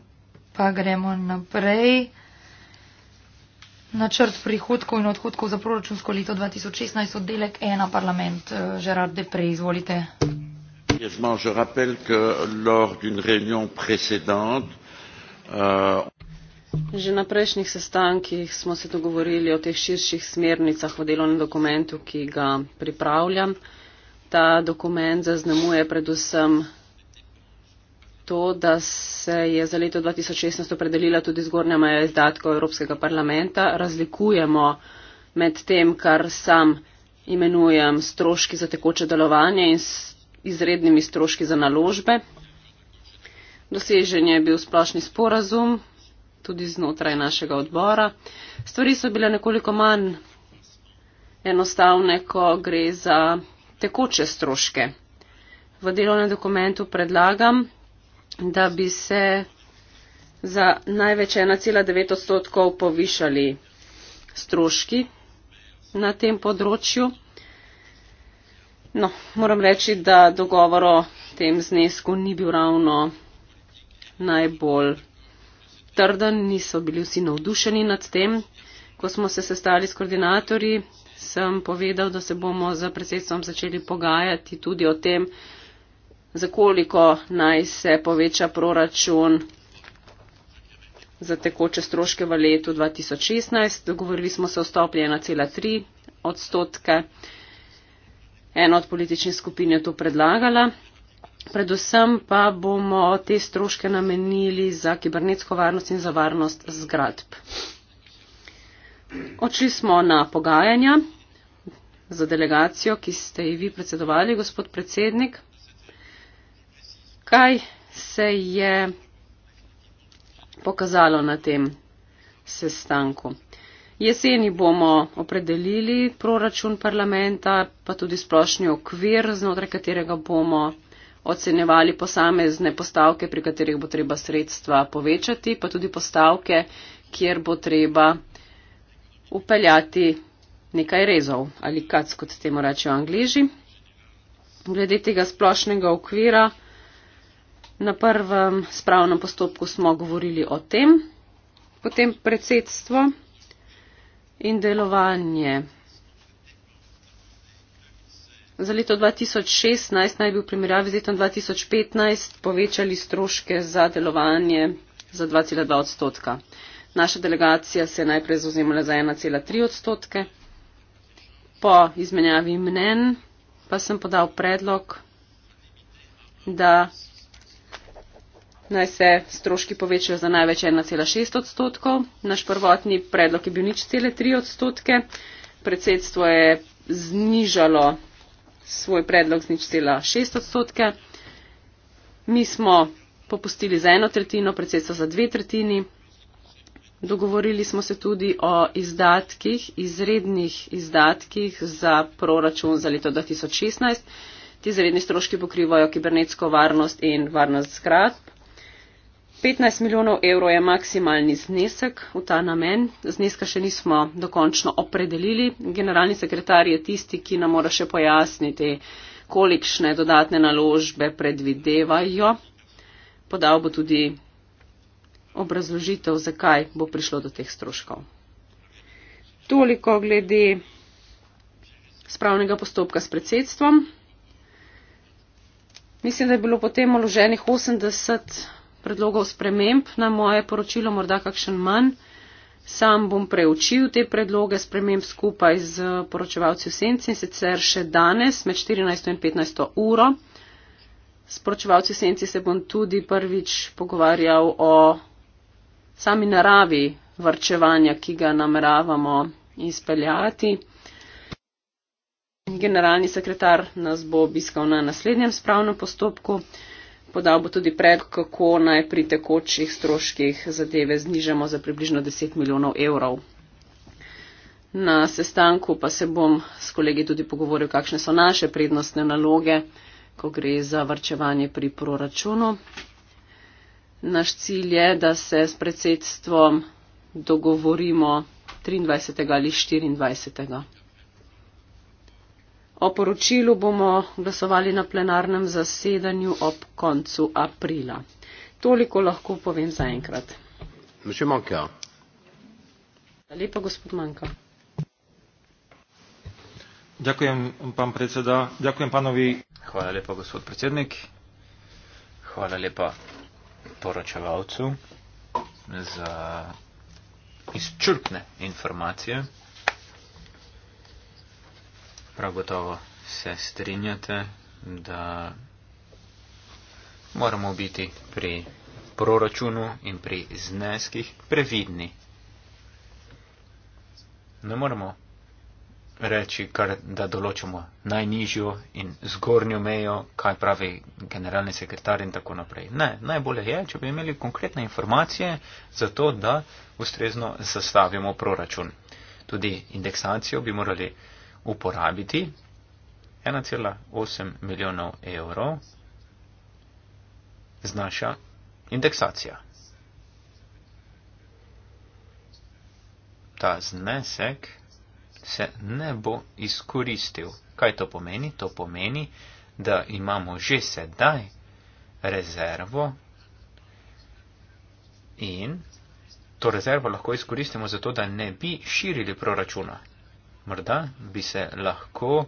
[SPEAKER 3] pa gremo naprej. Načrt prihodkov in odhodkov za proračunsko leto 2016, oddelek 1, parlament. Žerard eh, Depre,
[SPEAKER 1] izvolite.
[SPEAKER 2] Je rappelle, que lors d'une réunion précédente, euh...
[SPEAKER 1] Že na prejšnjih sestankih smo se dogovorili o teh širših smernicah v delovnem dokumentu, ki ga pripravljam. Ta dokument zaznamuje predvsem to, da se je za leto 2016 opredelila tudi zgornja meja izdatkov Evropskega parlamenta. Razlikujemo med tem, kar sam imenujem stroški za tekoče delovanje in s izrednimi stroški za naložbe. Dosežen je bil splošni sporazum tudi znotraj našega odbora. Stvari so bile nekoliko manj enostavne, ko gre za tekoče stroške. V delovnem dokumentu predlagam, da bi se za največ 1,9 odstotkov povišali stroški na tem področju. No, moram reči, da dogovor o tem znesku ni bil ravno najbolj trden, niso bili vsi navdušeni nad tem. Ko smo se sestali s koordinatorji, sem povedal, da se bomo za predsedstvom začeli pogajati tudi o tem, zakoliko naj se poveča proračun za tekoče stroške v letu 2016. Dogovorili smo se o stopnje 1,3 odstotke. Ena od političnih skupin je to predlagala predvsem pa bomo te stroške namenili za kibernetsko varnost in za varnost zgradb. Odšli smo na pogajanja za delegacijo, ki ste ji vi predsedovali, gospod predsednik. Kaj se je pokazalo na tem sestanku? Jeseni bomo opredelili proračun parlamenta, pa tudi splošni okvir, znotraj katerega bomo ocenjevali posamezne postavke, pri katerih bo treba sredstva povečati, pa tudi postavke, kjer bo treba upeljati nekaj rezov ali kac, kot temu rečejo angliži. Glede tega splošnega okvira, na prvem spravnem postopku smo govorili o tem, potem predsedstvo in delovanje Za leto 2016 naj bi v primerjavi z letom 2015 povečali stroške za delovanje za 2,2 odstotka. Naša delegacija se je najprej zauzemala za 1,3 odstotke. Po izmenjavi mnen pa sem podal predlog, da naj se stroški povečajo za največ 1,6 odstotkov. Naš prvotni predlog je bil nič cele 3 odstotke. Predsedstvo je znižalo svoj predlog z nič cela šest odstotke. Mi smo popustili za eno tretjino, predsedstvo za dve tretjini. Dogovorili smo se tudi o izdatkih, izrednih izdatkih za proračun za leto 2016. Ti izredni stroški pokrivajo kibernetsko varnost in varnost skratb petnajst milijonov evrov je maksimalni znesek v ta namen. Zneska še nismo dokončno opredelili. Generalni sekretar je tisti, ki nam mora še pojasniti, kolikšne dodatne naložbe predvidevajo. Podal bo tudi obrazložitev, zakaj bo prišlo do teh stroškov. Toliko glede spravnega postopka s predsedstvom. Mislim, da je bilo potem vloženih 80 predlogov sprememb na moje poročilo, morda kakšen manj. Sam bom preučil te predloge sprememb skupaj z poročevalci v senci in sicer še danes med 14 in 15 uro. S poročevalci v senci se bom tudi prvič pogovarjal o sami naravi vrčevanja, ki ga nameravamo izpeljati. Generalni sekretar nas bo obiskal na naslednjem spravnem postopku podal bo tudi pred, kako naj pri tekočih stroških zadeve znižamo za približno 10 milijonov evrov. Na sestanku pa se bom s kolegi tudi pogovoril, kakšne so naše prednostne naloge, ko gre za vrčevanje pri proračunu. Naš cilj je, da se s predsedstvom dogovorimo 23. ali 24. O poročilu bomo glasovali na plenarnem zasedanju ob koncu aprila. Toliko lahko povem zaenkrat. Lepo, gospod Manka.
[SPEAKER 2] Ďakujem, pán predseda. Ďakujem pánovi. Hvala lepa, gospod predsednik. Hvala lepa poročevalcu za izčrpne informacije prav gotovo se strinjate, da moramo biti pri proračunu in pri zneskih previdni. Ne moramo reči, kar, da določamo najnižjo in zgornjo mejo, kaj pravi generalni sekretar in tako naprej. Ne, najbolje je, če bi imeli konkretne informacije za to, da ustrezno zastavimo proračun. Tudi indeksacijo bi morali uporabiti 1,8 milijonov evrov znaša indeksacija. Ta znesek se ne bo izkoristil. Kaj to pomeni? To pomeni, da imamo že sedaj rezervo in to rezervo lahko izkoristimo zato, da ne bi širili proračuna morda bi se lahko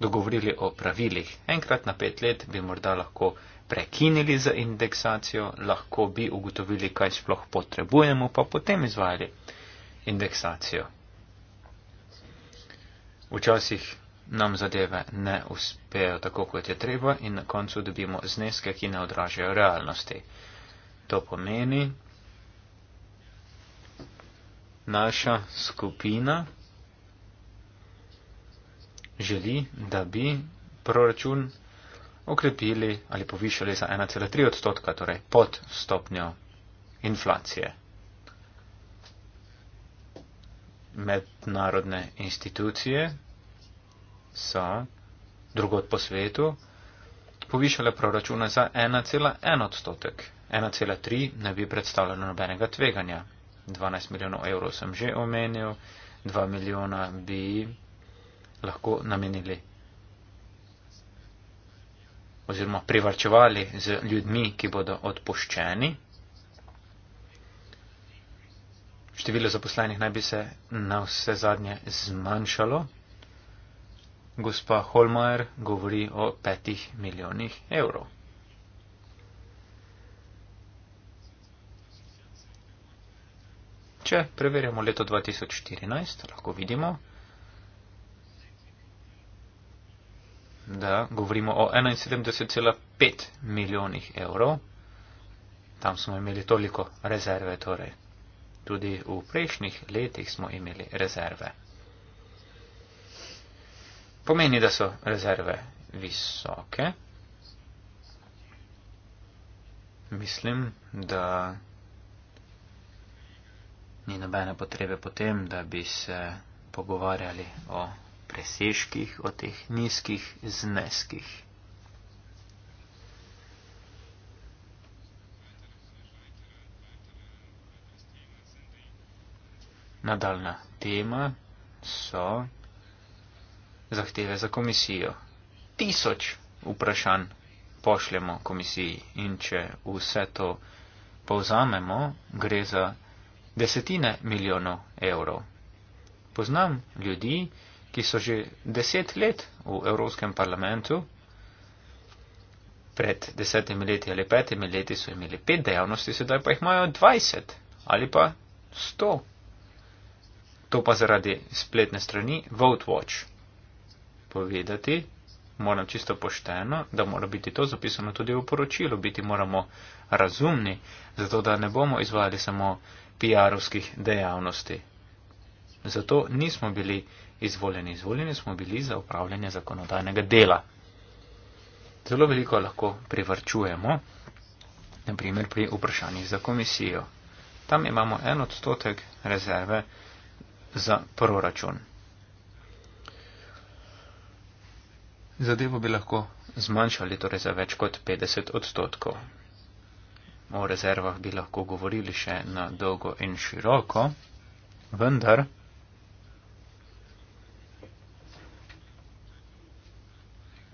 [SPEAKER 2] dogovorili o pravilih. Enkrat na pet let bi morda lahko prekinili z indeksacijo, lahko bi ugotovili, kaj sploh potrebujemo, pa potem izvajali indeksacijo. Včasih nam zadeve ne uspejo tako, kot je treba in na koncu dobimo zneske, ki ne odražajo realnosti. To pomeni, naša skupina želi, da bi proračun okrepili ali povišali za 1,3 odstotka, torej pod stopnjo inflacije. Mednarodne institucije so drugot po svetu povišale proračune za 1,1 odstotek. 1,3 ne bi predstavljalo nobenega tveganja. 12 milijonov evrov sem že omenil, 2 milijona bi lahko namenili oziroma privarčevali z ljudmi, ki bodo odpuščeni. Število zaposlenih naj bi se na vse zadnje zmanjšalo. Gospa Holmajer govori o petih milijonih evrov. Če preverjamo leto 2014, lahko vidimo, da govorimo o 71,5 milijonih evrov. Tam smo imeli toliko rezerve, torej tudi v prejšnjih letih smo imeli rezerve. Pomeni, da so rezerve visoke. Mislim, da ni nobene potrebe potem, da bi se pogovarjali o presežkih, o teh nizkih zneskih. Nadaljna tema so zahteve za komisijo. Tisoč vprašanj pošljemo komisiji in če vse to povzamemo, gre za desetine milijonov evrov. Poznam ljudi, ki so že deset let v Evropskem parlamentu. Pred desetimi leti ali petimi leti so imeli pet dejavnosti, sedaj pa jih imajo dvajset ali pa sto. To pa zaradi spletne strani VoteWatch. Povedati moram čisto pošteno, da mora biti to zapisano tudi v poročilu, biti moramo razumni, zato da ne bomo izvajali samo PR-ovskih dejavnosti. Zato nismo bili izvoljeni. Izvoljeni smo bili za upravljanje zakonodajnega dela. Zelo veliko lahko privrčujemo, naprimer pri vprašanjih za komisijo. Tam imamo en odstotek rezerve za proračun. Zadevo bi lahko zmanjšali torej za več kot 50 odstotkov. O rezervah bi lahko govorili še na dolgo in široko, vendar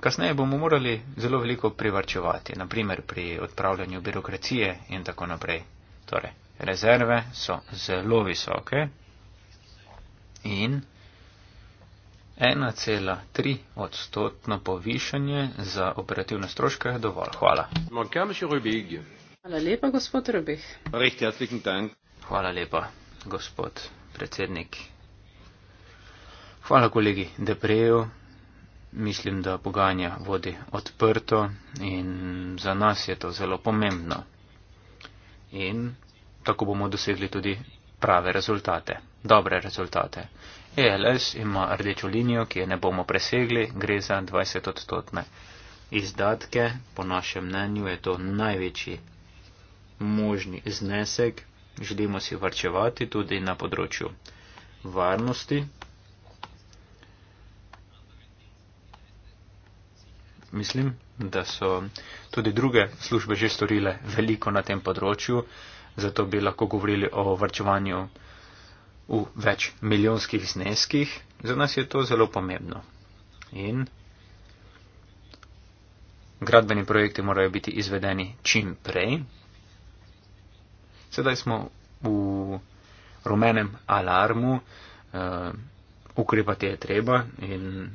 [SPEAKER 2] Kasneje bomo morali zelo veliko privarčevati, naprimer pri odpravljanju birokracije in tako naprej. Torej, rezerve so zelo visoke in 1,3 odstotno povišanje za operativne stroške je dovolj. Hvala.
[SPEAKER 1] Hvala lepa, gospod Rubih.
[SPEAKER 2] Hvala lepa, gospod predsednik. Hvala kolegi Depreju mislim, da poganja vodi odprto in za nas je to zelo pomembno. In tako bomo dosegli tudi prave rezultate, dobre rezultate. ELS ima rdečo linijo, ki je ne bomo presegli, gre za 20 odstotne izdatke. Po našem mnenju je to največji možni znesek. Želimo si varčevati tudi na področju varnosti, mislim, da so tudi druge službe že storile veliko na tem področju, zato bi lahko govorili o vrčevanju v več milijonskih zneskih. Za nas je to zelo pomembno. In gradbeni projekti morajo biti izvedeni čim prej. Sedaj smo v rumenem alarmu, uh, ukrepati je treba in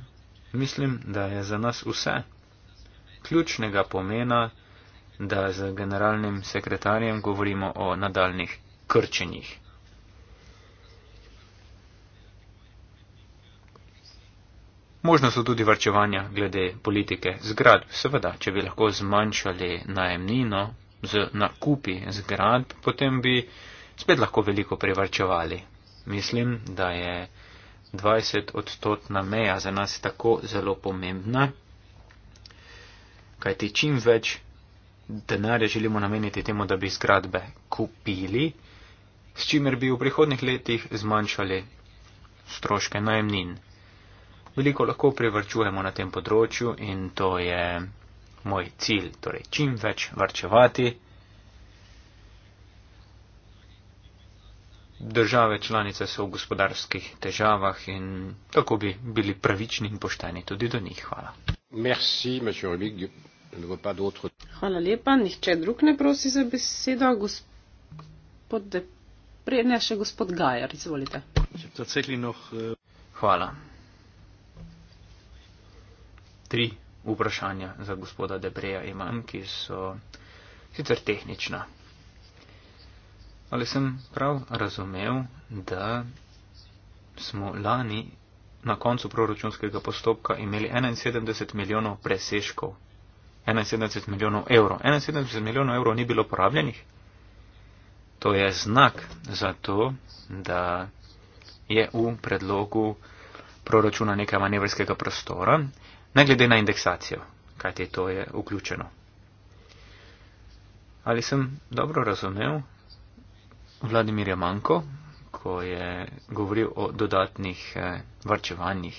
[SPEAKER 2] mislim, da je za nas vse ključnega pomena, da z generalnim sekretarjem govorimo o nadaljnih krčenjih. Možno so tudi varčevanja glede politike zgrad. Seveda, če bi lahko zmanjšali najemnino z nakupi zgrad, potem bi spet lahko veliko privarčevali. Mislim, da je 20 odstotna meja za nas tako zelo pomembna, kajti čim več denarja želimo nameniti temu, da bi zgradbe kupili, s čimer bi v prihodnih letih zmanjšali stroške najemnin. Veliko lahko privrčujemo na tem področju in to je moj cilj, torej čim več varčevati. države članice so v gospodarskih težavah in kako bi bili pravični in pošteni tudi do njih. Hvala. Merci,
[SPEAKER 1] Hvala lepa, nihče drug ne prosi za besedo. Gospod De... Prej ja, ne še gospod Gajar, izvolite.
[SPEAKER 2] Äh, Hvala. Tri vprašanja za gospoda Debreja imam, ki so sicer tehnična. Ali sem prav razumel, da smo lani na koncu proračunskega postopka imeli 71 milijonov preseškov? 71 milijonov evrov. 71 milijonov evrov ni bilo porabljenih? To je znak za to, da je v predlogu proračuna nekaj manevrskega prostora, ne glede na indeksacijo, kajti to je vključeno. Ali sem dobro razumel, Vladimirja Manko, ko je govoril o dodatnih eh, varčevanjih.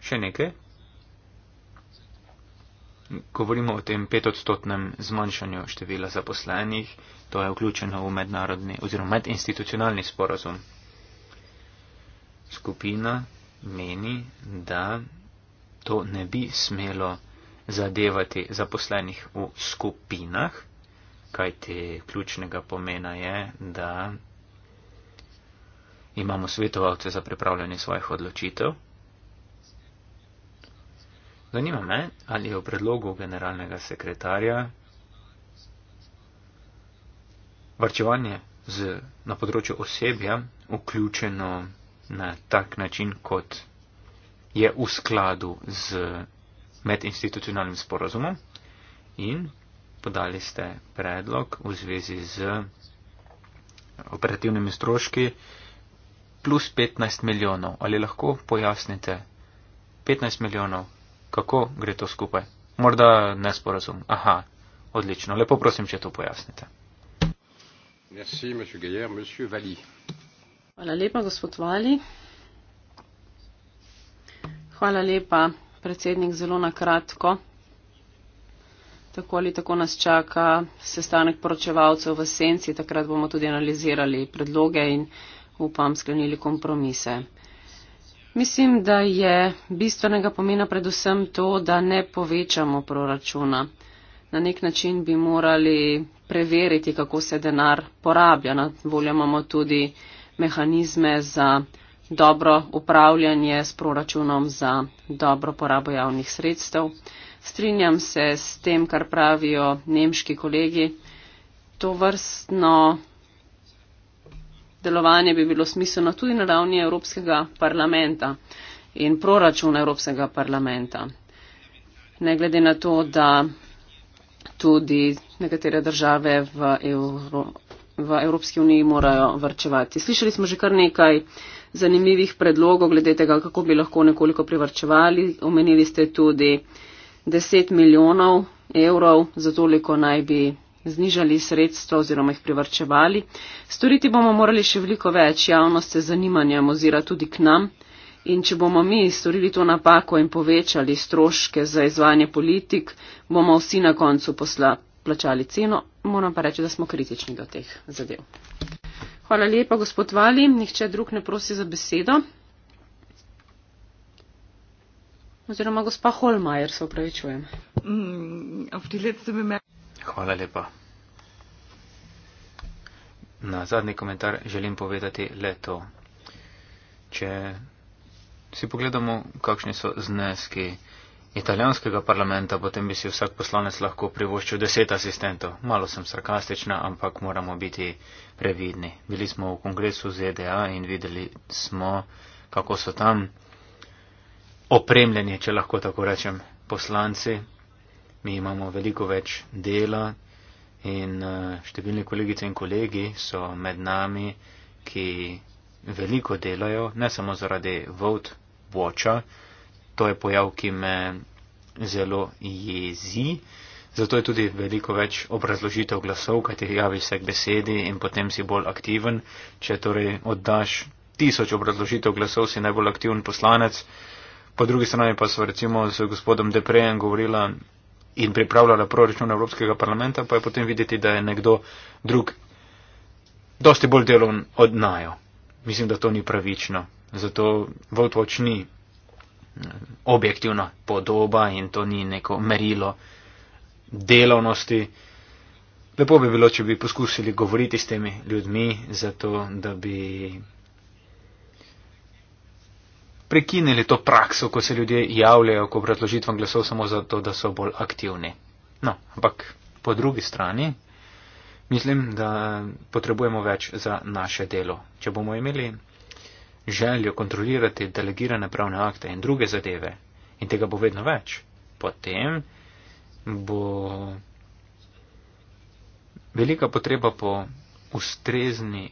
[SPEAKER 2] Še nekaj. Govorimo o tem petodstotnem zmanjšanju števila zaposlenih, to je vključeno v mednarodni oziroma medinstitucionalni sporazum. Skupina meni, da to ne bi smelo zadevati zaposlenih v skupinah, kajti ključnega pomena je, da imamo svetovalce za pripravljanje svojih odločitev. Zanima me, ali je v predlogu generalnega sekretarja varčevanje z, na področju osebja vključeno na tak način, kot je v skladu z medinstitucionalnim sporozumom in podali ste predlog v zvezi z operativnimi stroški plus 15 milijonov. Ali lahko pojasnite 15 milijonov, kako gre to skupaj? Morda nesporazum. Aha, odlično. Lepo prosim, če to pojasnite. Merci, monsieur Gayer, monsieur Vali.
[SPEAKER 1] Hvala lepa, gospod Vali. Hvala lepa predsednik, zelo na kratko. Tako ali tako nas čaka sestanek poročevalcev v senci, takrat bomo tudi analizirali predloge in upam sklenili kompromise. Mislim, da je bistvenega pomena predvsem to, da ne povečamo proračuna. Na nek način bi morali preveriti, kako se denar porablja. Na voljo imamo tudi mehanizme za dobro upravljanje s proračunom za dobro porabo javnih sredstev. Strinjam se s tem, kar pravijo nemški kolegi. To vrstno delovanje bi bilo smiselno tudi na ravni Evropskega parlamenta in proračuna Evropskega parlamenta. Ne glede na to, da tudi nekatere države v, Evro, v Evropski uniji morajo vrčevati. Slišali smo že kar nekaj zanimivih predlogov glede tega, kako bi lahko nekoliko privrčevali. Omenili ste tudi 10 milijonov evrov, za toliko naj bi znižali sredstva oziroma jih privrčevali. Storiti bomo morali še veliko več, javnost se zanimanjem ozira tudi k nam. In če bomo mi storili to napako in povečali stroške za izvajanje politik, bomo vsi na koncu posla plačali ceno. Moram pa reči, da smo kritični do teh zadev. Hvala lepa, gospod Vali. Nihče drug ne prosi za besedo. Oziroma, gospa Holmajer, se upravičujem. Mm,
[SPEAKER 2] Hvala lepa. Na zadnji komentar želim povedati le to. Če si pogledamo, kakšni so zneski, italijanskega parlamenta, potem bi si vsak poslanec lahko privoščil deset asistentov. Malo sem sarkastična, ampak moramo biti previdni. Bili smo v kongresu ZDA in videli smo, kako so tam opremljeni, če lahko tako rečem, poslanci. Mi imamo veliko več dela in eh, številni kolegice in kolegi so med nami, ki veliko delajo, ne samo zaradi vote watcha, to je pojav, ki me zelo jezi. Zato je tudi veliko več obrazložitev glasov, kaj ti javi se k besedi in potem si bolj aktiven. Če torej oddaš tisoč obrazložitev glasov, si najbolj aktiven poslanec. Po drugi strani pa so recimo z gospodom Deprejem govorila in pripravljala proračun Evropskega parlamenta, pa je potem videti, da je nekdo drug dosti bolj delovn od najo. Mislim, da to ni pravično. Zato Voltvoč ni objektivna podoba in to ni neko merilo delovnosti. Lepo bi bilo, če bi poskusili govoriti s temi ljudmi, zato da bi prekinili to prakso, ko se ljudje javljajo ko predložitvam glasov samo zato, da so bolj aktivni. No, ampak po drugi strani mislim, da potrebujemo več za naše delo. Če bomo imeli željo kontrolirati delegirane pravne akte in druge zadeve, in tega bo vedno več, potem bo velika potreba po ustrezni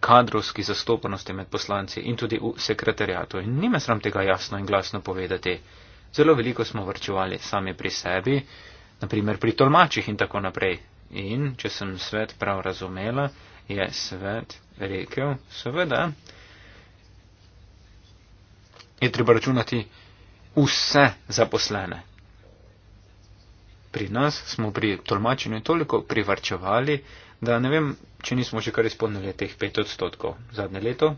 [SPEAKER 2] kadrovski zastopanosti med poslanci in tudi v sekretarijatu. In nime sram tega jasno in glasno povedati. Zelo veliko smo vrčevali sami pri sebi, naprimer pri tolmačih in tako naprej. In če sem svet prav razumela, je svet rekel, seveda, so je treba računati vse zaposlene. Pri nas smo pri tolmačenju toliko privarčevali, da ne vem, če nismo še kar izpolnili teh pet odstotkov. Zadnje leto,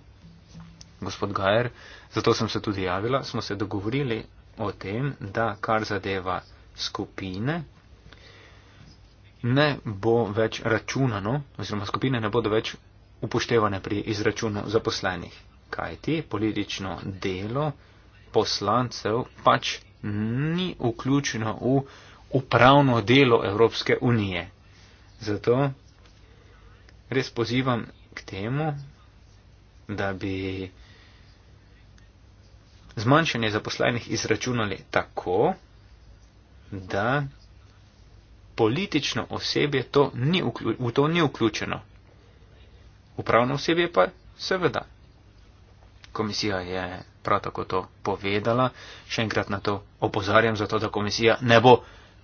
[SPEAKER 2] gospod Gajer, zato sem se tudi javila, smo se dogovorili o tem, da kar zadeva skupine, ne bo več računano, oziroma skupine ne bodo več upoštevane pri izračunu zaposlenih kajti politično delo poslancev pač ni vključeno v upravno delo Evropske unije. Zato res pozivam k temu, da bi zmanjšanje zaposlenih izračunali tako, da politično osebje to ni, v to ni vključeno. Upravno osebje pa seveda. Komisija je prav tako to povedala. Še enkrat na to opozarjam, zato da komisija ne bo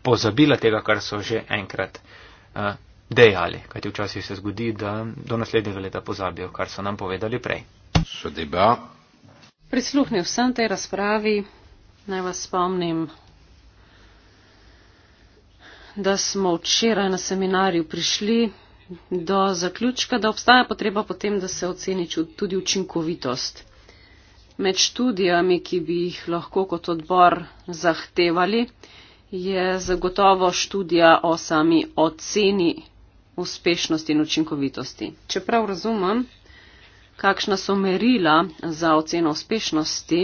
[SPEAKER 2] pozabila tega, kar so že enkrat uh, dejali. Kajti včasih se zgodi, da do naslednjega leta pozabijo, kar so nam povedali prej. Sodeba.
[SPEAKER 1] Prisluhnil sem tej razpravi. Naj vas spomnim, da smo včeraj na seminarju prišli do zaključka, da obstaja potreba potem, da se oceni tudi učinkovitost Med študijami, ki bi jih lahko kot odbor zahtevali, je zagotovo študija o sami oceni uspešnosti in učinkovitosti. Čeprav razumem, kakšna so merila za oceno uspešnosti,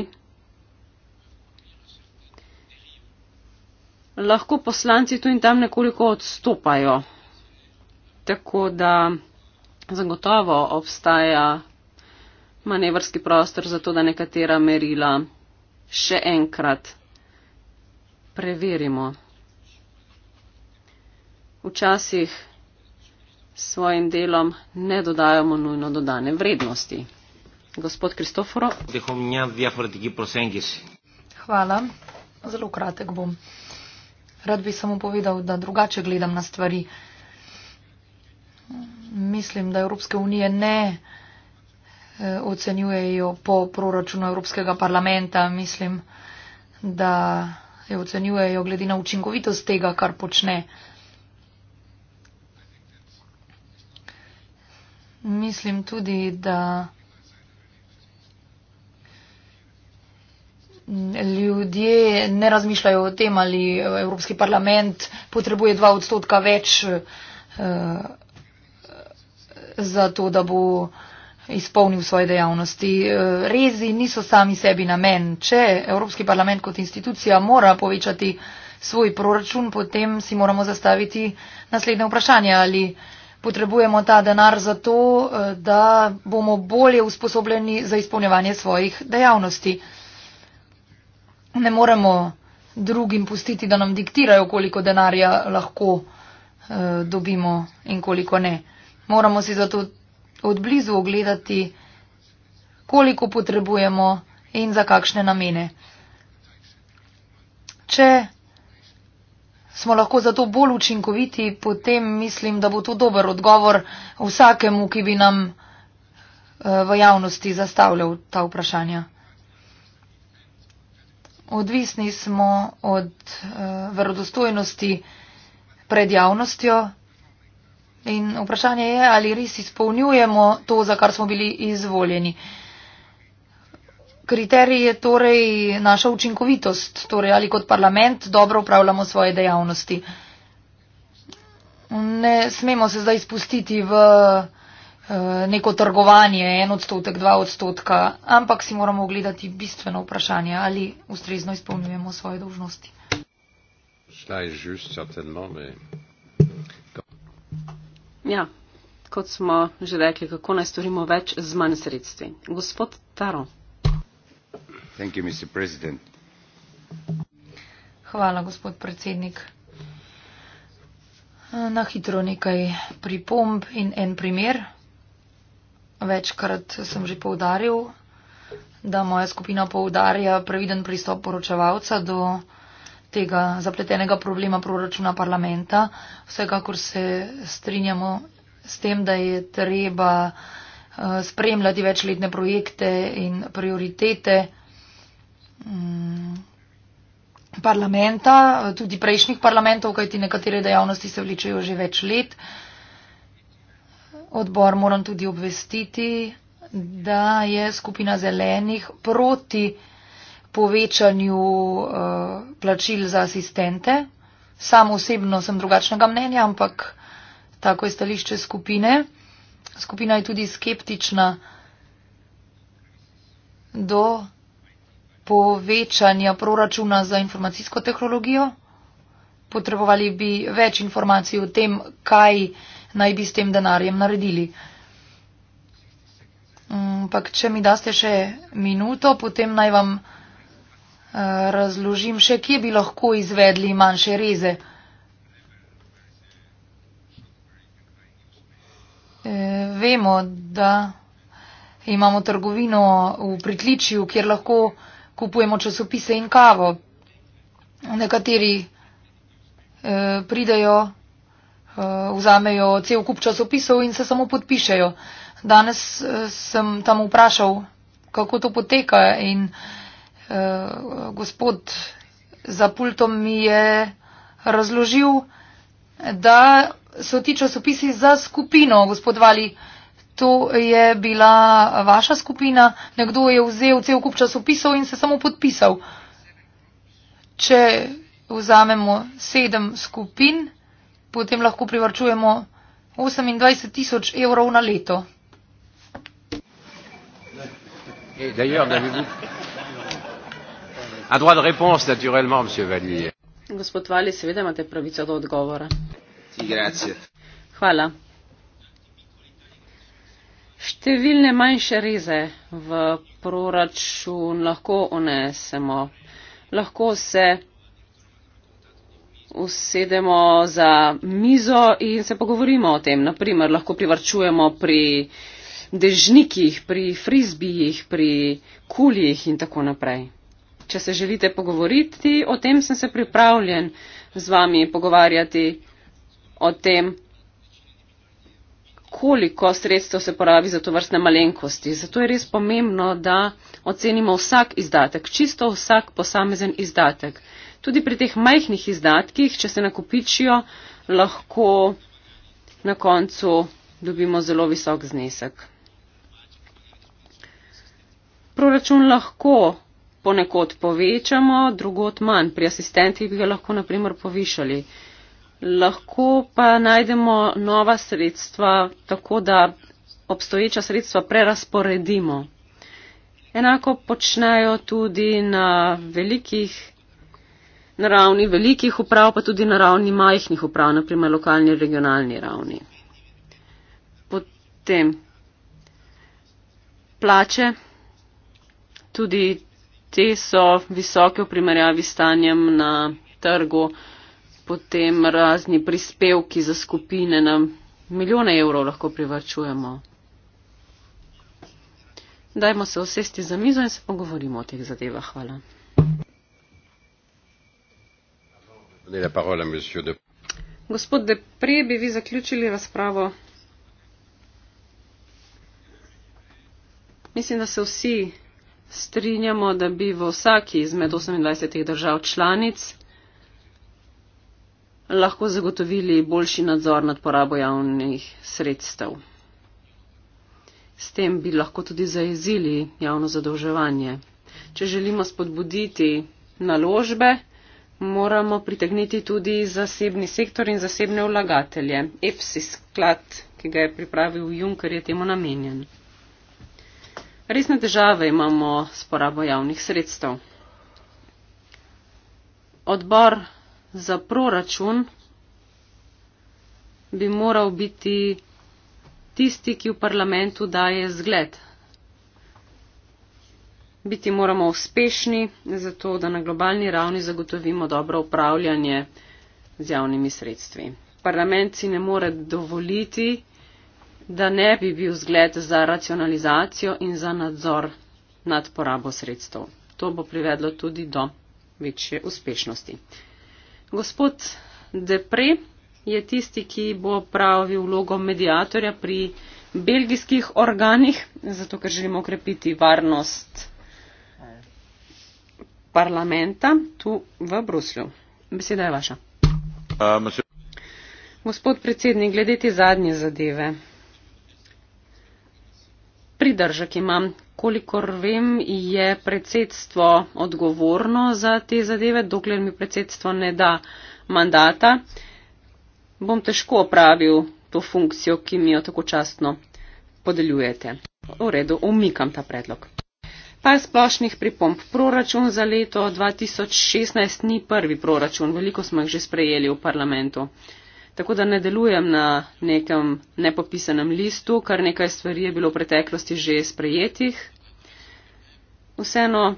[SPEAKER 1] lahko poslanci tu in tam nekoliko odstopajo. Tako da zagotovo obstaja manevrski prostor za to, da nekatera merila še enkrat preverimo. Včasih s svojim delom ne dodajamo nujno dodane vrednosti. Gospod Kristoforo. Hvala. Zelo kratek bom. Rad bi samo povedal, da
[SPEAKER 3] drugače gledam na stvari. Mislim, da Evropske unije ne. Eh, ocenjujejo po proračunu Evropskega parlamenta. Mislim, da jo ocenjujejo glede na učinkovitost tega, kar počne. Mislim tudi, da ljudje ne razmišljajo o tem, ali Evropski parlament potrebuje dva odstotka več eh, za to, da bo eh, izpolnil svoje dejavnosti. E, rezi niso sami sebi namen. Če Evropski parlament kot institucija mora povečati svoj proračun, potem si moramo zastaviti naslednje vprašanje. Ali potrebujemo ta denar za to, e, da bomo bolje usposobljeni za izpolnjevanje svojih dejavnosti. Ne moremo drugim pustiti, da nam diktirajo, koliko denarja lahko e, dobimo in koliko ne. Moramo si zato odblizu ogledati, koliko potrebujemo in za kakšne namene. Če smo lahko zato bolj učinkoviti, potem mislim, da bo to dober odgovor vsakemu, ki bi nam eh, v javnosti zastavljal ta vprašanja. Odvisni smo od eh, verodostojnosti pred javnostjo. In vprašanje je, ali res izpolnjujemo to, za kar smo bili izvoljeni. Kriterij je torej naša učinkovitost, torej ali kot parlament dobro upravljamo svoje dejavnosti. Ne smemo se zdaj spustiti v eh, neko trgovanje, en odstotek, dva odstotka, ampak si moramo ogledati bistveno vprašanje,
[SPEAKER 1] ali ustrezno izpolnjujemo svoje dožnosti. Ja, kot smo že rekli, kako naj storimo več z manj sredstvi. Gospod Taro.
[SPEAKER 2] Thank you, Mr. President.
[SPEAKER 3] Hvala, gospod predsednik. Na hitro nekaj pripomb in en primer. Večkrat sem že povdaril, da moja skupina povdarja previden pristop poročevalca do tega zapletenega problema proračuna parlamenta. Vsekakor se strinjamo s tem, da je treba eh, spremljati večletne projekte in prioritete mm, parlamenta, tudi prejšnjih parlamentov, kajti nekatere dejavnosti se vličajo že več let. Odbor moram tudi obvestiti, da je skupina zelenih proti povečanju eh, plačil za asistente. Sam osebno sem drugačnega mnenja, ampak tako je stališče skupine. Skupina je tudi skeptična do povečanja proračuna za informacijsko tehnologijo. Potrebovali bi več informacij o tem, kaj naj bi s tem denarjem naredili. Mm, Pak, če mi daste še minuto, potem naj vam razložim še, kje bi lahko izvedli manjše reze. E, vemo, da imamo trgovino v pritličju, kjer lahko kupujemo časopise in kavo. Nekateri e, pridejo, e, vzamejo cel kup časopisov in se samo podpišejo. Danes sem tam vprašal, kako to poteka in kako. Eh, gospod za pultom mi je razložil, da so ti časopisi za skupino, gospod Vali. To je bila vaša skupina, nekdo je vzel cel kup časopisov in se samo podpisal. Če vzamemo sedem skupin, potem lahko privarčujemo 28 tisoč evrov na leto.
[SPEAKER 2] Hey, d'ailleurs, l'avez-vous A droit de réponse, naturellement, monsieur Valier.
[SPEAKER 1] Gospod Vali, seveda imate pravico do odgovora. Grazie. Hvala. Številne manjše rize v proračun lahko onesemo. Lahko se usedemo za mizo in se pogovorimo o tem. Naprimer, lahko privarčujemo pri dežnikih, pri frizbijih, pri kuljih in tako naprej če se želite pogovoriti, o tem sem se pripravljen z vami pogovarjati o tem, koliko sredstev se porabi za to vrstne malenkosti. Zato je res pomembno, da ocenimo vsak izdatek, čisto vsak posamezen izdatek. Tudi pri teh majhnih izdatkih, če se nakupičijo, lahko na koncu dobimo zelo visok znesek. Proračun lahko ponekod povečamo, drugot manj. Pri asistentih bi ga lahko naprimer povišali. Lahko pa najdemo nova sredstva, tako da obstoječa sredstva prerasporedimo. Enako počnejo tudi na velikih. Na ravni velikih uprav, pa tudi na ravni majhnih uprav, naprimer lokalni in regionalni ravni. Potem plače, tudi te so visoke v primerjavi s stanjem na trgu, potem razni prispevki za skupine na milijone evrov lahko privačujemo. Dajmo se osesti za mizo in se pogovorimo o teh zadevah. Hvala. Gospod Depre, bi vi zaključili razpravo? Mislim, da se vsi strinjamo, da bi v vsaki izmed 28 držav članic lahko zagotovili boljši nadzor nad porabo javnih sredstev. S tem bi lahko tudi zaezili javno zadolževanje. Če želimo spodbuditi naložbe, moramo pritegniti tudi zasebni sektor in zasebne vlagatelje. EPSI sklad, ki ga je pripravil Juncker, je temu namenjen. Resne države imamo s porabo javnih sredstev. Odbor za proračun bi moral biti tisti, ki v parlamentu daje zgled. Biti moramo uspešni, zato da na globalni ravni zagotovimo dobro upravljanje z javnimi sredstvi. Parlament si ne more dovoliti, da ne bi bil zgled za racionalizacijo in za nadzor nad porabo sredstev. To bo privedlo tudi do večje uspešnosti. Gospod Depre je tisti, ki bo pravil vlogo medijatorja pri belgijskih organih, zato ker želimo okrepiti varnost parlamenta tu v Bruslju. Beseda je vaša. Uh, Gospod predsednik, glede te zadnje zadeve pridržek imam. Kolikor vem, je predsedstvo odgovorno za te zadeve, dokler mi predsedstvo ne da mandata, bom težko opravil to funkcijo, ki mi jo tako častno podeljujete. V redu, omikam ta predlog. Par splošnih pripomp. Proračun za leto 2016 ni prvi proračun, veliko smo jih že sprejeli v parlamentu. Tako da ne delujem na nekem nepopisanem listu, kar nekaj stvari je bilo v preteklosti že sprejetih. Vseeno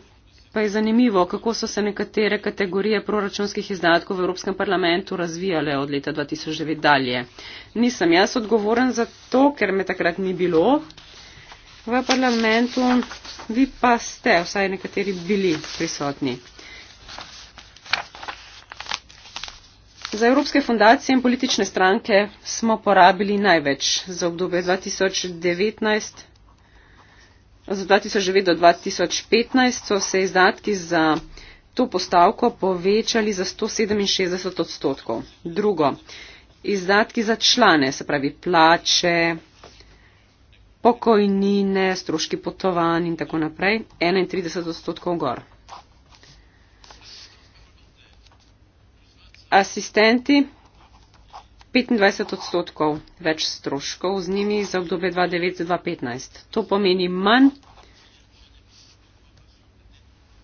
[SPEAKER 1] pa je zanimivo, kako so se nekatere kategorije proračunskih izdatkov v Evropskem parlamentu razvijale od leta 2009 dalje. Nisem jaz odgovoren za to, ker me takrat ni bilo v parlamentu, vi pa ste, vsaj nekateri bili prisotni. Za evropske fundacije in politične stranke smo porabili največ za obdobje 2019. Za 2009 do 2015 so se izdatki za to postavko povečali za 167 odstotkov. Drugo, izdatki za člane, se pravi plače, pokojnine, stroški potovanj in tako naprej, 31 odstotkov gor. asistenti petindvajset odstotkov več stroškov z njimi za obdobje dva devet dva petnajst to pomeni manj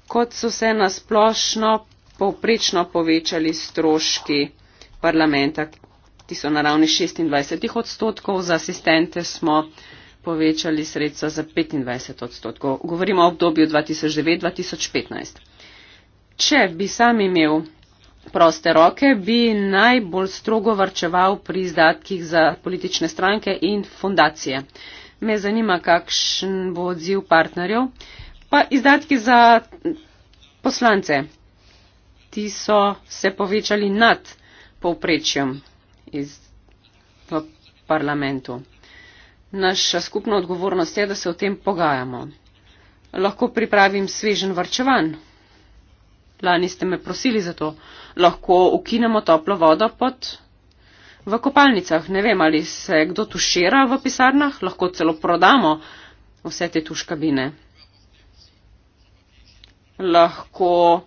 [SPEAKER 1] kot so se na splošno povprečno povečali stroški parlamenta ki so na ravni šestindvajsetih odstotkov za asistente smo povečali sredstva za petindvajset odstotkov govorimo o obdobju dva tisoč devet dva tisoč petnajst če bi sam imel proste roke, bi najbolj strogo varčeval pri izdatkih za politične stranke in fundacije. Me zanima, kakšen bo odziv partnerjev. Pa izdatki za poslance. Ti so se povečali nad povprečjem iz, v parlamentu. Naša skupna odgovornost je, da se o tem pogajamo. Lahko pripravim svežen varčevanj. Lani ste me prosili za to. Lahko ukinemo toplo vodo pod. V kopalnicah. Ne vem, ali se kdo tušira v pisarnah. Lahko celo prodamo vse te tuškabine. Lahko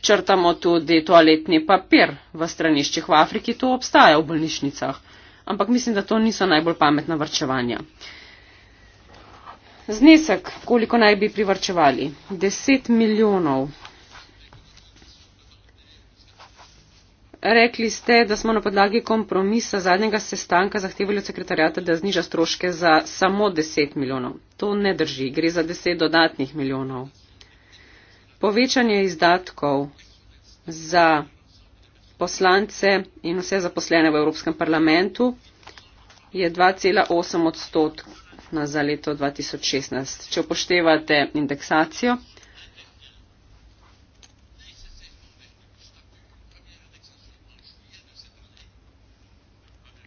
[SPEAKER 1] črtamo tudi toaletni papir. V straniščih v Afriki to obstaja v bolnišnicah. Ampak mislim, da to niso najbolj pametna vrčevanja. Znesek, koliko naj bi privrčevali? 10 milijonov Rekli ste, da smo na podlagi kompromisa zadnjega sestanka zahtevali od sekretarjata, da zniža stroške za samo 10 milijonov. To ne drži, gre za 10 dodatnih milijonov. Povečanje izdatkov za poslance in vse zaposlene v Evropskem parlamentu je 2,8 odstotna za leto 2016. Če upoštevate indeksacijo,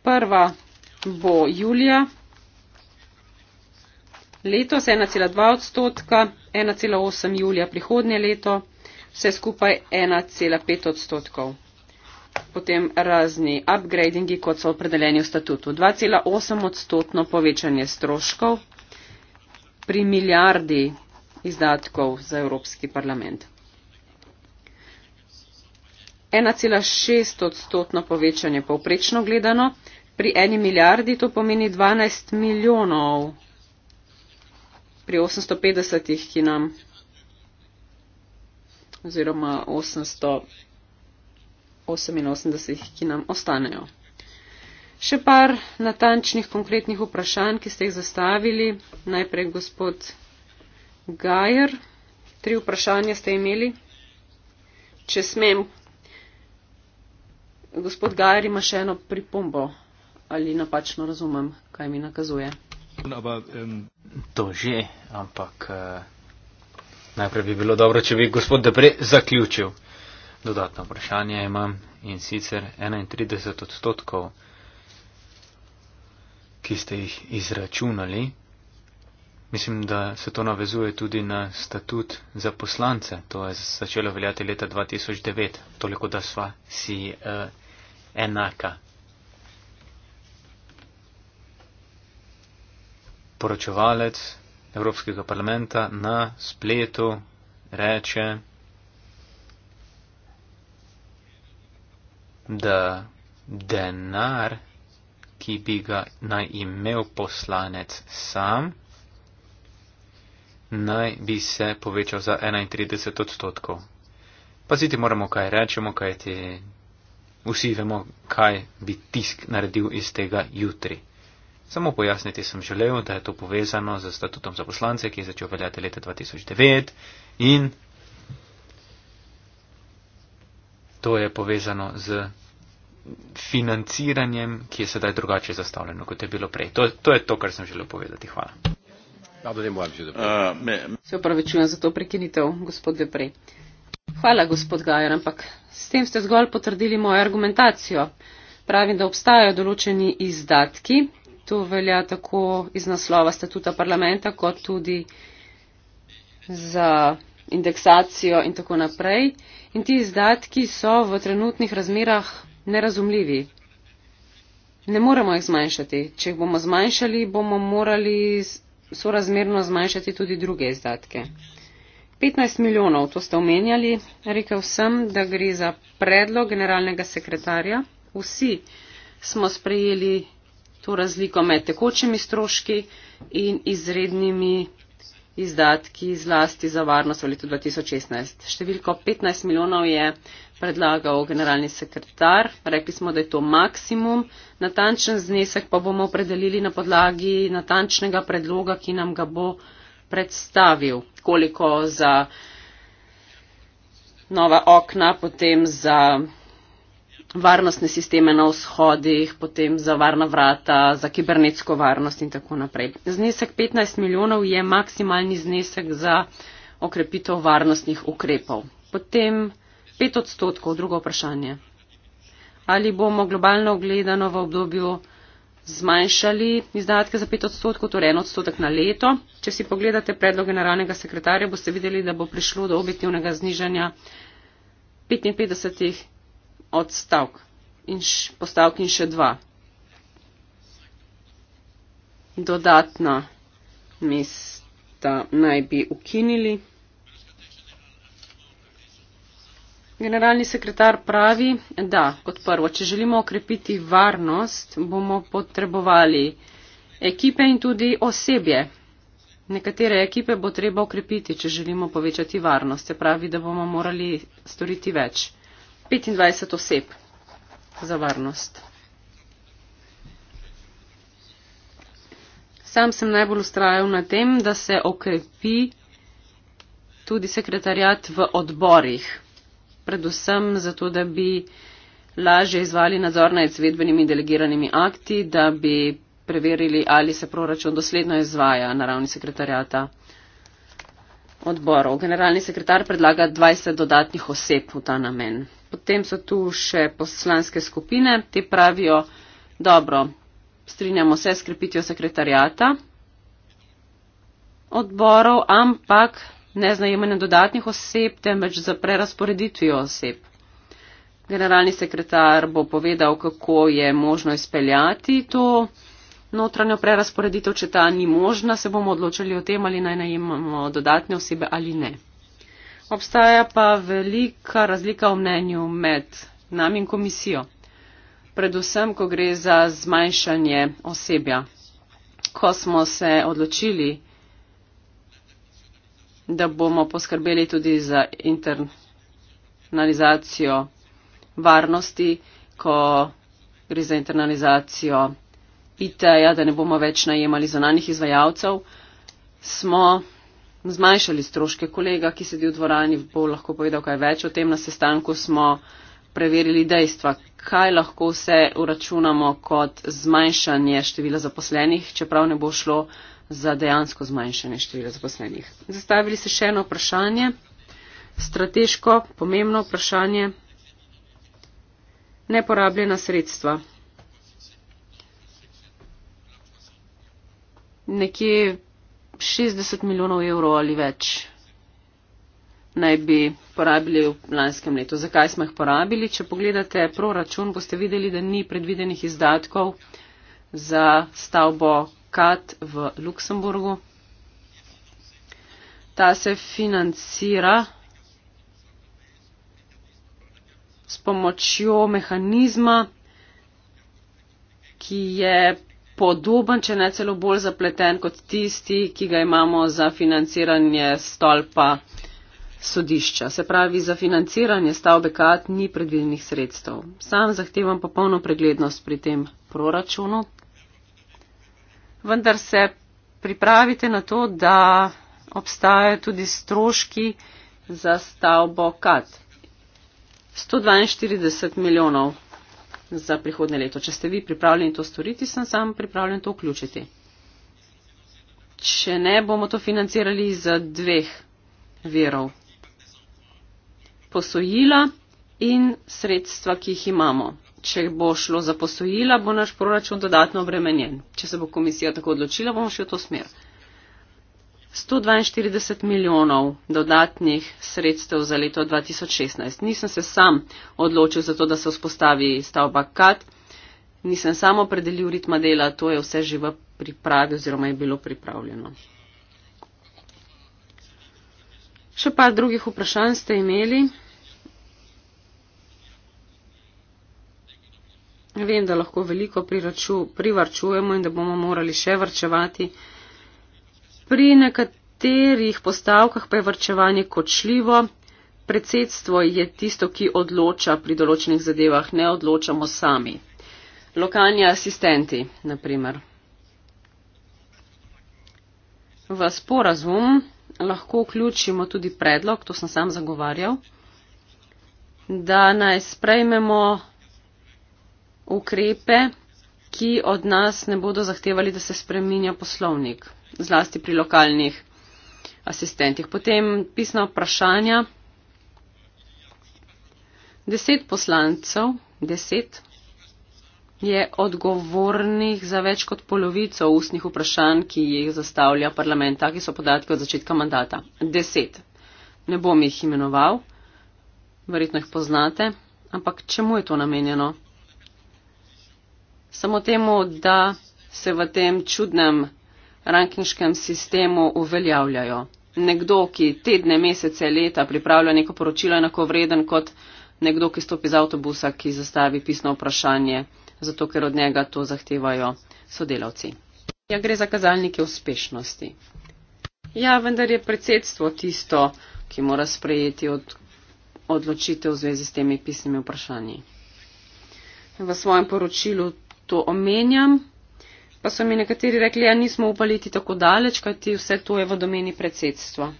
[SPEAKER 1] prva bo julija, letos 1,2 odstotka, 1,8 julija prihodnje leto, vse skupaj 1,5 odstotkov. Potem razni upgradingi, kot so opredeljeni v statutu. 2,8 odstotno povečanje stroškov pri milijardi izdatkov za Evropski parlament. 1,6 odstotno povečanje povprečno gledano, pri eni milijardi to pomeni 12 milijonov pri 850, ki nam oziroma 888, ki nam ostanejo. Še par natančnih, konkretnih vprašanj, ki ste jih zastavili. Najprej gospod Gajer. Tri vprašanja ste imeli. Če smem Gospod Gajer ima še eno pripombo, ali napačno razumem, kaj mi nakazuje.
[SPEAKER 2] To že, ampak eh, najprej bi bilo dobro, če bi gospod Debre zaključil. Dodatno vprašanje imam in sicer 31 odstotkov, ki ste jih izračunali. Mislim, da se to navezuje tudi na statut za poslance. To je začelo veljati leta 2009. Toliko, da sva si eh, enaka. Poročevalec Evropskega parlamenta na spletu reče, da denar, ki bi ga naj imel poslanec sam, naj bi se povečal za 31 odstotkov. Paziti moramo, kaj rečemo, kaj ti Vsi vemo, kaj bi tisk naredil iz tega jutri. Samo pojasniti sem želel, da je to povezano z statutom za poslance, ki je začel veljati leta 2009 in to je povezano z financiranjem, ki je sedaj drugače zastavljeno, kot je bilo prej. To, to je to, kar sem želel povedati. Hvala. Euh,
[SPEAKER 1] Se upravičujem za to prekinitev, gospod Veprej. Hvala, gospod Gajer, ampak s tem ste zgolj potrdili mojo argumentacijo. Pravim, da obstajajo določeni izdatki. To velja tako iz naslova statuta parlamenta, kot tudi za indeksacijo in tako naprej. In ti izdatki so v trenutnih razmerah nerazumljivi. Ne moremo jih zmanjšati. Če jih bomo zmanjšali, bomo morali sorazmerno zmanjšati tudi druge izdatke petnajst milijonov, to ste omenjali, rekel sem, da gre za predlog generalnega sekretarja. Vsi smo sprejeli to razliko med tekočimi stroški in izrednimi izdatki zlasti za varnost v letu 2016. Številko 15 milijonov je predlagal generalni sekretar. Rekli smo, da je to maksimum. Natančen znesek pa bomo opredelili na podlagi natančnega predloga, ki nam ga bo predstavil, koliko za nova okna, potem za varnostne sisteme na vzhodih, potem za varna vrata, za kibernetsko varnost in tako naprej. Znesek 15 milijonov je maksimalni znesek za okrepitev varnostnih ukrepov. Potem 5 odstotkov, drugo vprašanje. Ali bomo globalno gledano v obdobju zmanjšali izdatke za pet odstotkov, torej en odstotek na leto. Če si pogledate predlog generalnega sekretarja, boste videli, da bo prišlo do objektivnega znižanja 55 odstavk in š, postavk in še dva dodatna mesta naj bi ukinili. Generalni sekretar pravi, da kot prvo, če želimo okrepiti varnost, bomo potrebovali ekipe in tudi osebje. Nekatere ekipe bo treba okrepiti, če želimo povečati varnost. Se pravi, da bomo morali storiti več. 25 oseb za varnost. Sam sem najbolj ustrajal na tem, da se okrepi tudi sekretarjat v odborih predvsem zato, da bi lažje izvali nadzor nad izvedbenimi delegiranimi akti, da bi preverili, ali se proračun dosledno izvaja na ravni sekretarjata odborov. Generalni sekretar predlaga 20 dodatnih oseb v ta namen. Potem so tu še poslanske skupine, te pravijo, dobro, strinjamo se s krepitvijo sekretarjata odborov, ampak ne z najemanjem dodatnih oseb, temveč z prerasporeditvijo oseb. Generalni sekretar bo povedal, kako je možno izpeljati to notranjo prerasporeditev, če ta ni možna, se bomo odločili o tem, ali naj najemamo dodatne osebe ali ne. Obstaja pa velika razlika v mnenju med nami in komisijo, predvsem, ko gre za zmanjšanje osebja. Ko smo se odločili, da bomo poskrbeli tudi za internalizacijo varnosti, ko gre za internalizacijo IT-ja, da ne bomo več najemali zonalnih izvajalcev, smo zmanjšali stroške kolega, ki sedi v dvorani, bo lahko povedal kaj več o tem na sestanku, smo preverili dejstva, kaj lahko vse uračunamo kot zmanjšanje števila zaposlenih, čeprav ne bo šlo za dejansko zmanjšanje števila zaposlenih. Zastavili se še eno vprašanje, strateško pomembno vprašanje, neporabljena sredstva. Nekje 60 milijonov evrov ali več naj bi porabili v lanskem letu. Zakaj smo jih porabili? Če pogledate proračun, boste videli, da ni predvidenih izdatkov za stavbo Kat v Luksemburgu. Ta se financira s pomočjo mehanizma, ki je podoben, če ne celo bolj zapleten kot tisti, ki ga imamo za financiranje stolpa sodišča. Se pravi, za financiranje stavbe KAT ni predvidenih sredstev. Sam zahtevam popolno preglednost pri tem proračunu, vendar se pripravite na to, da obstajajo tudi stroški za stavbo KAT. 142 milijonov za prihodne leto. Če ste vi pripravljeni to storiti, sem sam pripravljen to vključiti. Če ne, bomo to financirali iz dveh verov. Posojila in sredstva, ki jih imamo če bo šlo za posojila, bo naš proračun dodatno obremenjen. Če se bo komisija tako odločila, bomo šli v to smer. 142 milijonov dodatnih sredstev za leto 2016. Nisem se sam odločil za to, da se vzpostavi stavba KAT. Nisem samo opredelil ritma dela, to je vse že v pripravi oziroma je bilo pripravljeno. Še par drugih vprašanj ste imeli. Vem, da lahko veliko priraču, privarčujemo in da bomo morali še vrčevati. Pri nekaterih postavkah pa je vrčevanje kočljivo. Predsedstvo je tisto, ki odloča pri določenih zadevah, ne odločamo sami. Lokalni asistenti, na primer. V sporazum lahko vključimo tudi predlog, to sem sam zagovarjal, da naj sprejmemo ukrepe, ki od nas ne bodo zahtevali, da se spreminja poslovnik, zlasti pri lokalnih asistentih. Potem pisna vprašanja. Deset poslancev, deset je odgovornih za več kot polovico ustnih vprašanj, ki jih zastavlja parlament. Taki so podatki od začetka mandata. Deset. Ne bom jih imenoval, verjetno jih poznate, ampak čemu je to namenjeno? samo temu, da se v tem čudnem rankinškem sistemu uveljavljajo. Nekdo, ki tedne, mesece, leta pripravlja neko poročilo, je enako vreden kot nekdo, ki stopi z avtobusa, ki zastavi pisno vprašanje, zato ker od njega to zahtevajo sodelavci. Ja, gre za kazalnike uspešnosti. Ja, vendar je predsedstvo tisto, ki mora sprejeti od, odločitev v zvezi s temi pisnimi vprašanji. V svojem poročilu to omenjam. Pa so mi nekateri rekli, da ja, nismo upali iti tako daleč, kajti vse to je v domeni predsedstva.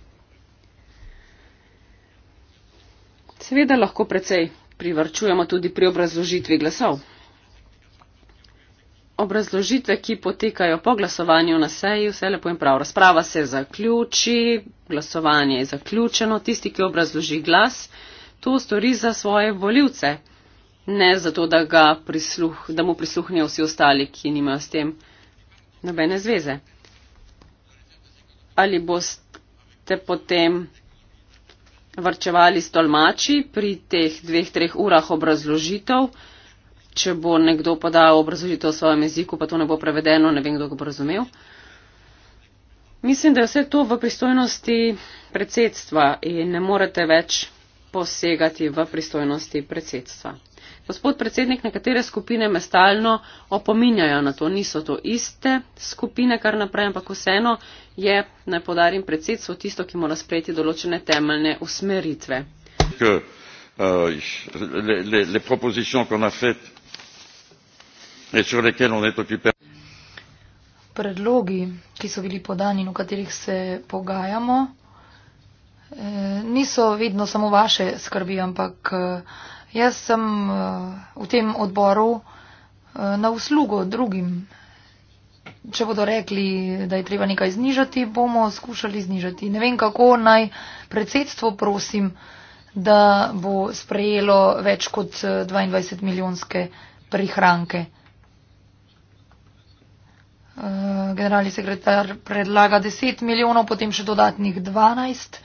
[SPEAKER 1] Seveda lahko precej privrčujemo tudi pri obrazložitvi glasov. Obrazložitve, ki potekajo po glasovanju na seji, vse lepo in prav. Razprava se zaključi, glasovanje je zaključeno, tisti, ki obrazloži glas, to stori za svoje voljivce ne zato, da, prisluh, da mu prisluhnijo vsi ostali, ki nimajo s tem nobene zveze. Ali boste potem varčevali s tolmači pri teh dveh, treh urah obrazložitev, če bo nekdo podal obrazložitev v svojem jeziku, pa to ne bo prevedeno, ne vem, kdo ga bo razumel. Mislim, da je vse to v pristojnosti predsedstva in ne morete več posegati v pristojnosti predsedstva. Gospod predsednik, nekatere skupine me stalno opominjajo na to, niso to iste skupine, kar naprej, ampak vseeno je, naj podarim, predsedstvo tisto, ki mora sprejeti določene temeljne usmeritve.
[SPEAKER 2] Que, uh, les, les, les fait,
[SPEAKER 3] Predlogi, ki so bili podani in o katerih se pogajamo, eh, niso vedno samo vaše skrbi, ampak. Eh, Jaz sem eh, v tem odboru eh, na uslugo drugim. Če bodo rekli, da je treba nekaj znižati, bomo skušali znižati. Ne vem, kako naj predsedstvo prosim, da bo sprejelo več kot 22 eh, milijonske prihranke. Generalni sekretar predlaga 10 milijonov, potem še dodatnih 12.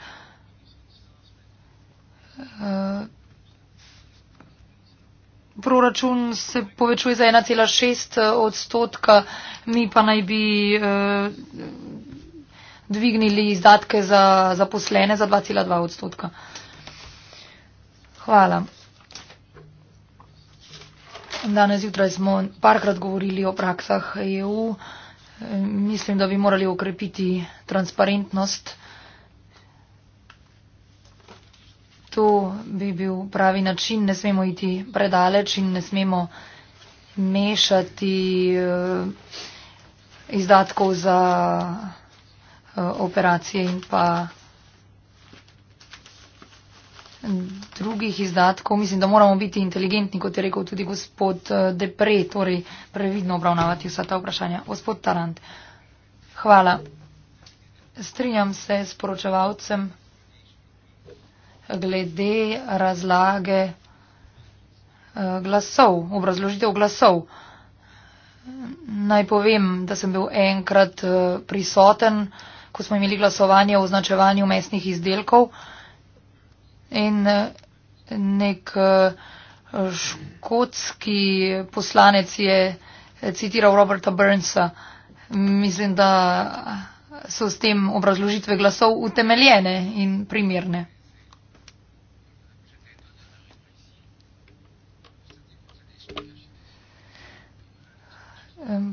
[SPEAKER 3] Proračun se povečuje za 1,6 eh, odstotka, mi pa naj bi eh, dvignili izdatke za zaposlene za 2,2 odstotka. Hvala. Danes jutraj smo parkrat govorili o praksah EU. Eh, mislim, da bi morali okrepiti transparentnost. to bi bil pravi način, ne smemo iti predaleč in ne smemo mešati eh, izdatkov za eh, operacije in pa drugih izdatkov. Mislim, da moramo biti inteligentni, kot je rekel tudi gospod eh, Depre, torej previdno obravnavati vsa ta vprašanja. Gospod Tarant, hvala. Strinjam se s poročevalcem glede razlage eh, glasov, obrazložitev glasov. Naj povem, da sem bil enkrat eh, prisoten, ko smo imeli glasovanje o označevanju mestnih izdelkov in eh, nek škotski poslanec je citiral Roberta Burnsa. Mislim, da so s tem obrazložitve glasov utemeljene in primerne.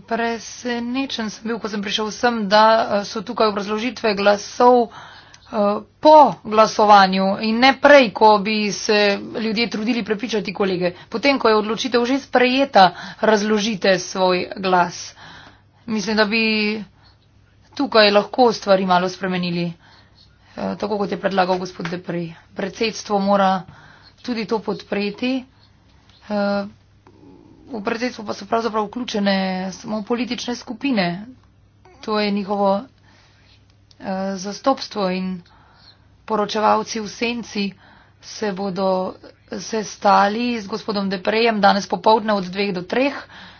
[SPEAKER 3] Presenečen sem bil, ko sem prišel sem, da eh, so tukaj obrazložitve glasov eh, po glasovanju in ne prej, ko bi se ljudje trudili prepričati kolege. Potem, ko je odločitev že sprejeta, razložite svoj glas. Mislim, da bi tukaj lahko stvari malo spremenili, eh, tako kot je predlagal gospod Deprej. Predsedstvo mora tudi to podpreti v predsedstvo pa so pravzaprav vključene samo politične skupine. To je njihovo uh, zastopstvo in poročevalci v senci se bodo sestali z gospodom Deprejem danes popovdne od dveh do treh,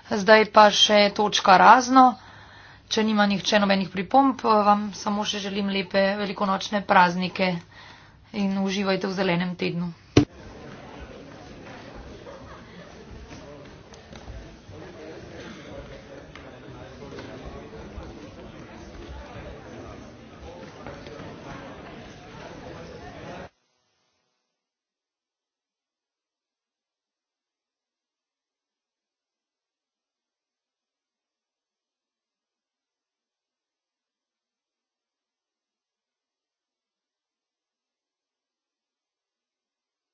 [SPEAKER 3] zdaj pa še točka razno. Če nima nihče nobenih pripomp, vam samo še želim lepe velikonočne praznike in uživajte v zelenem tednu.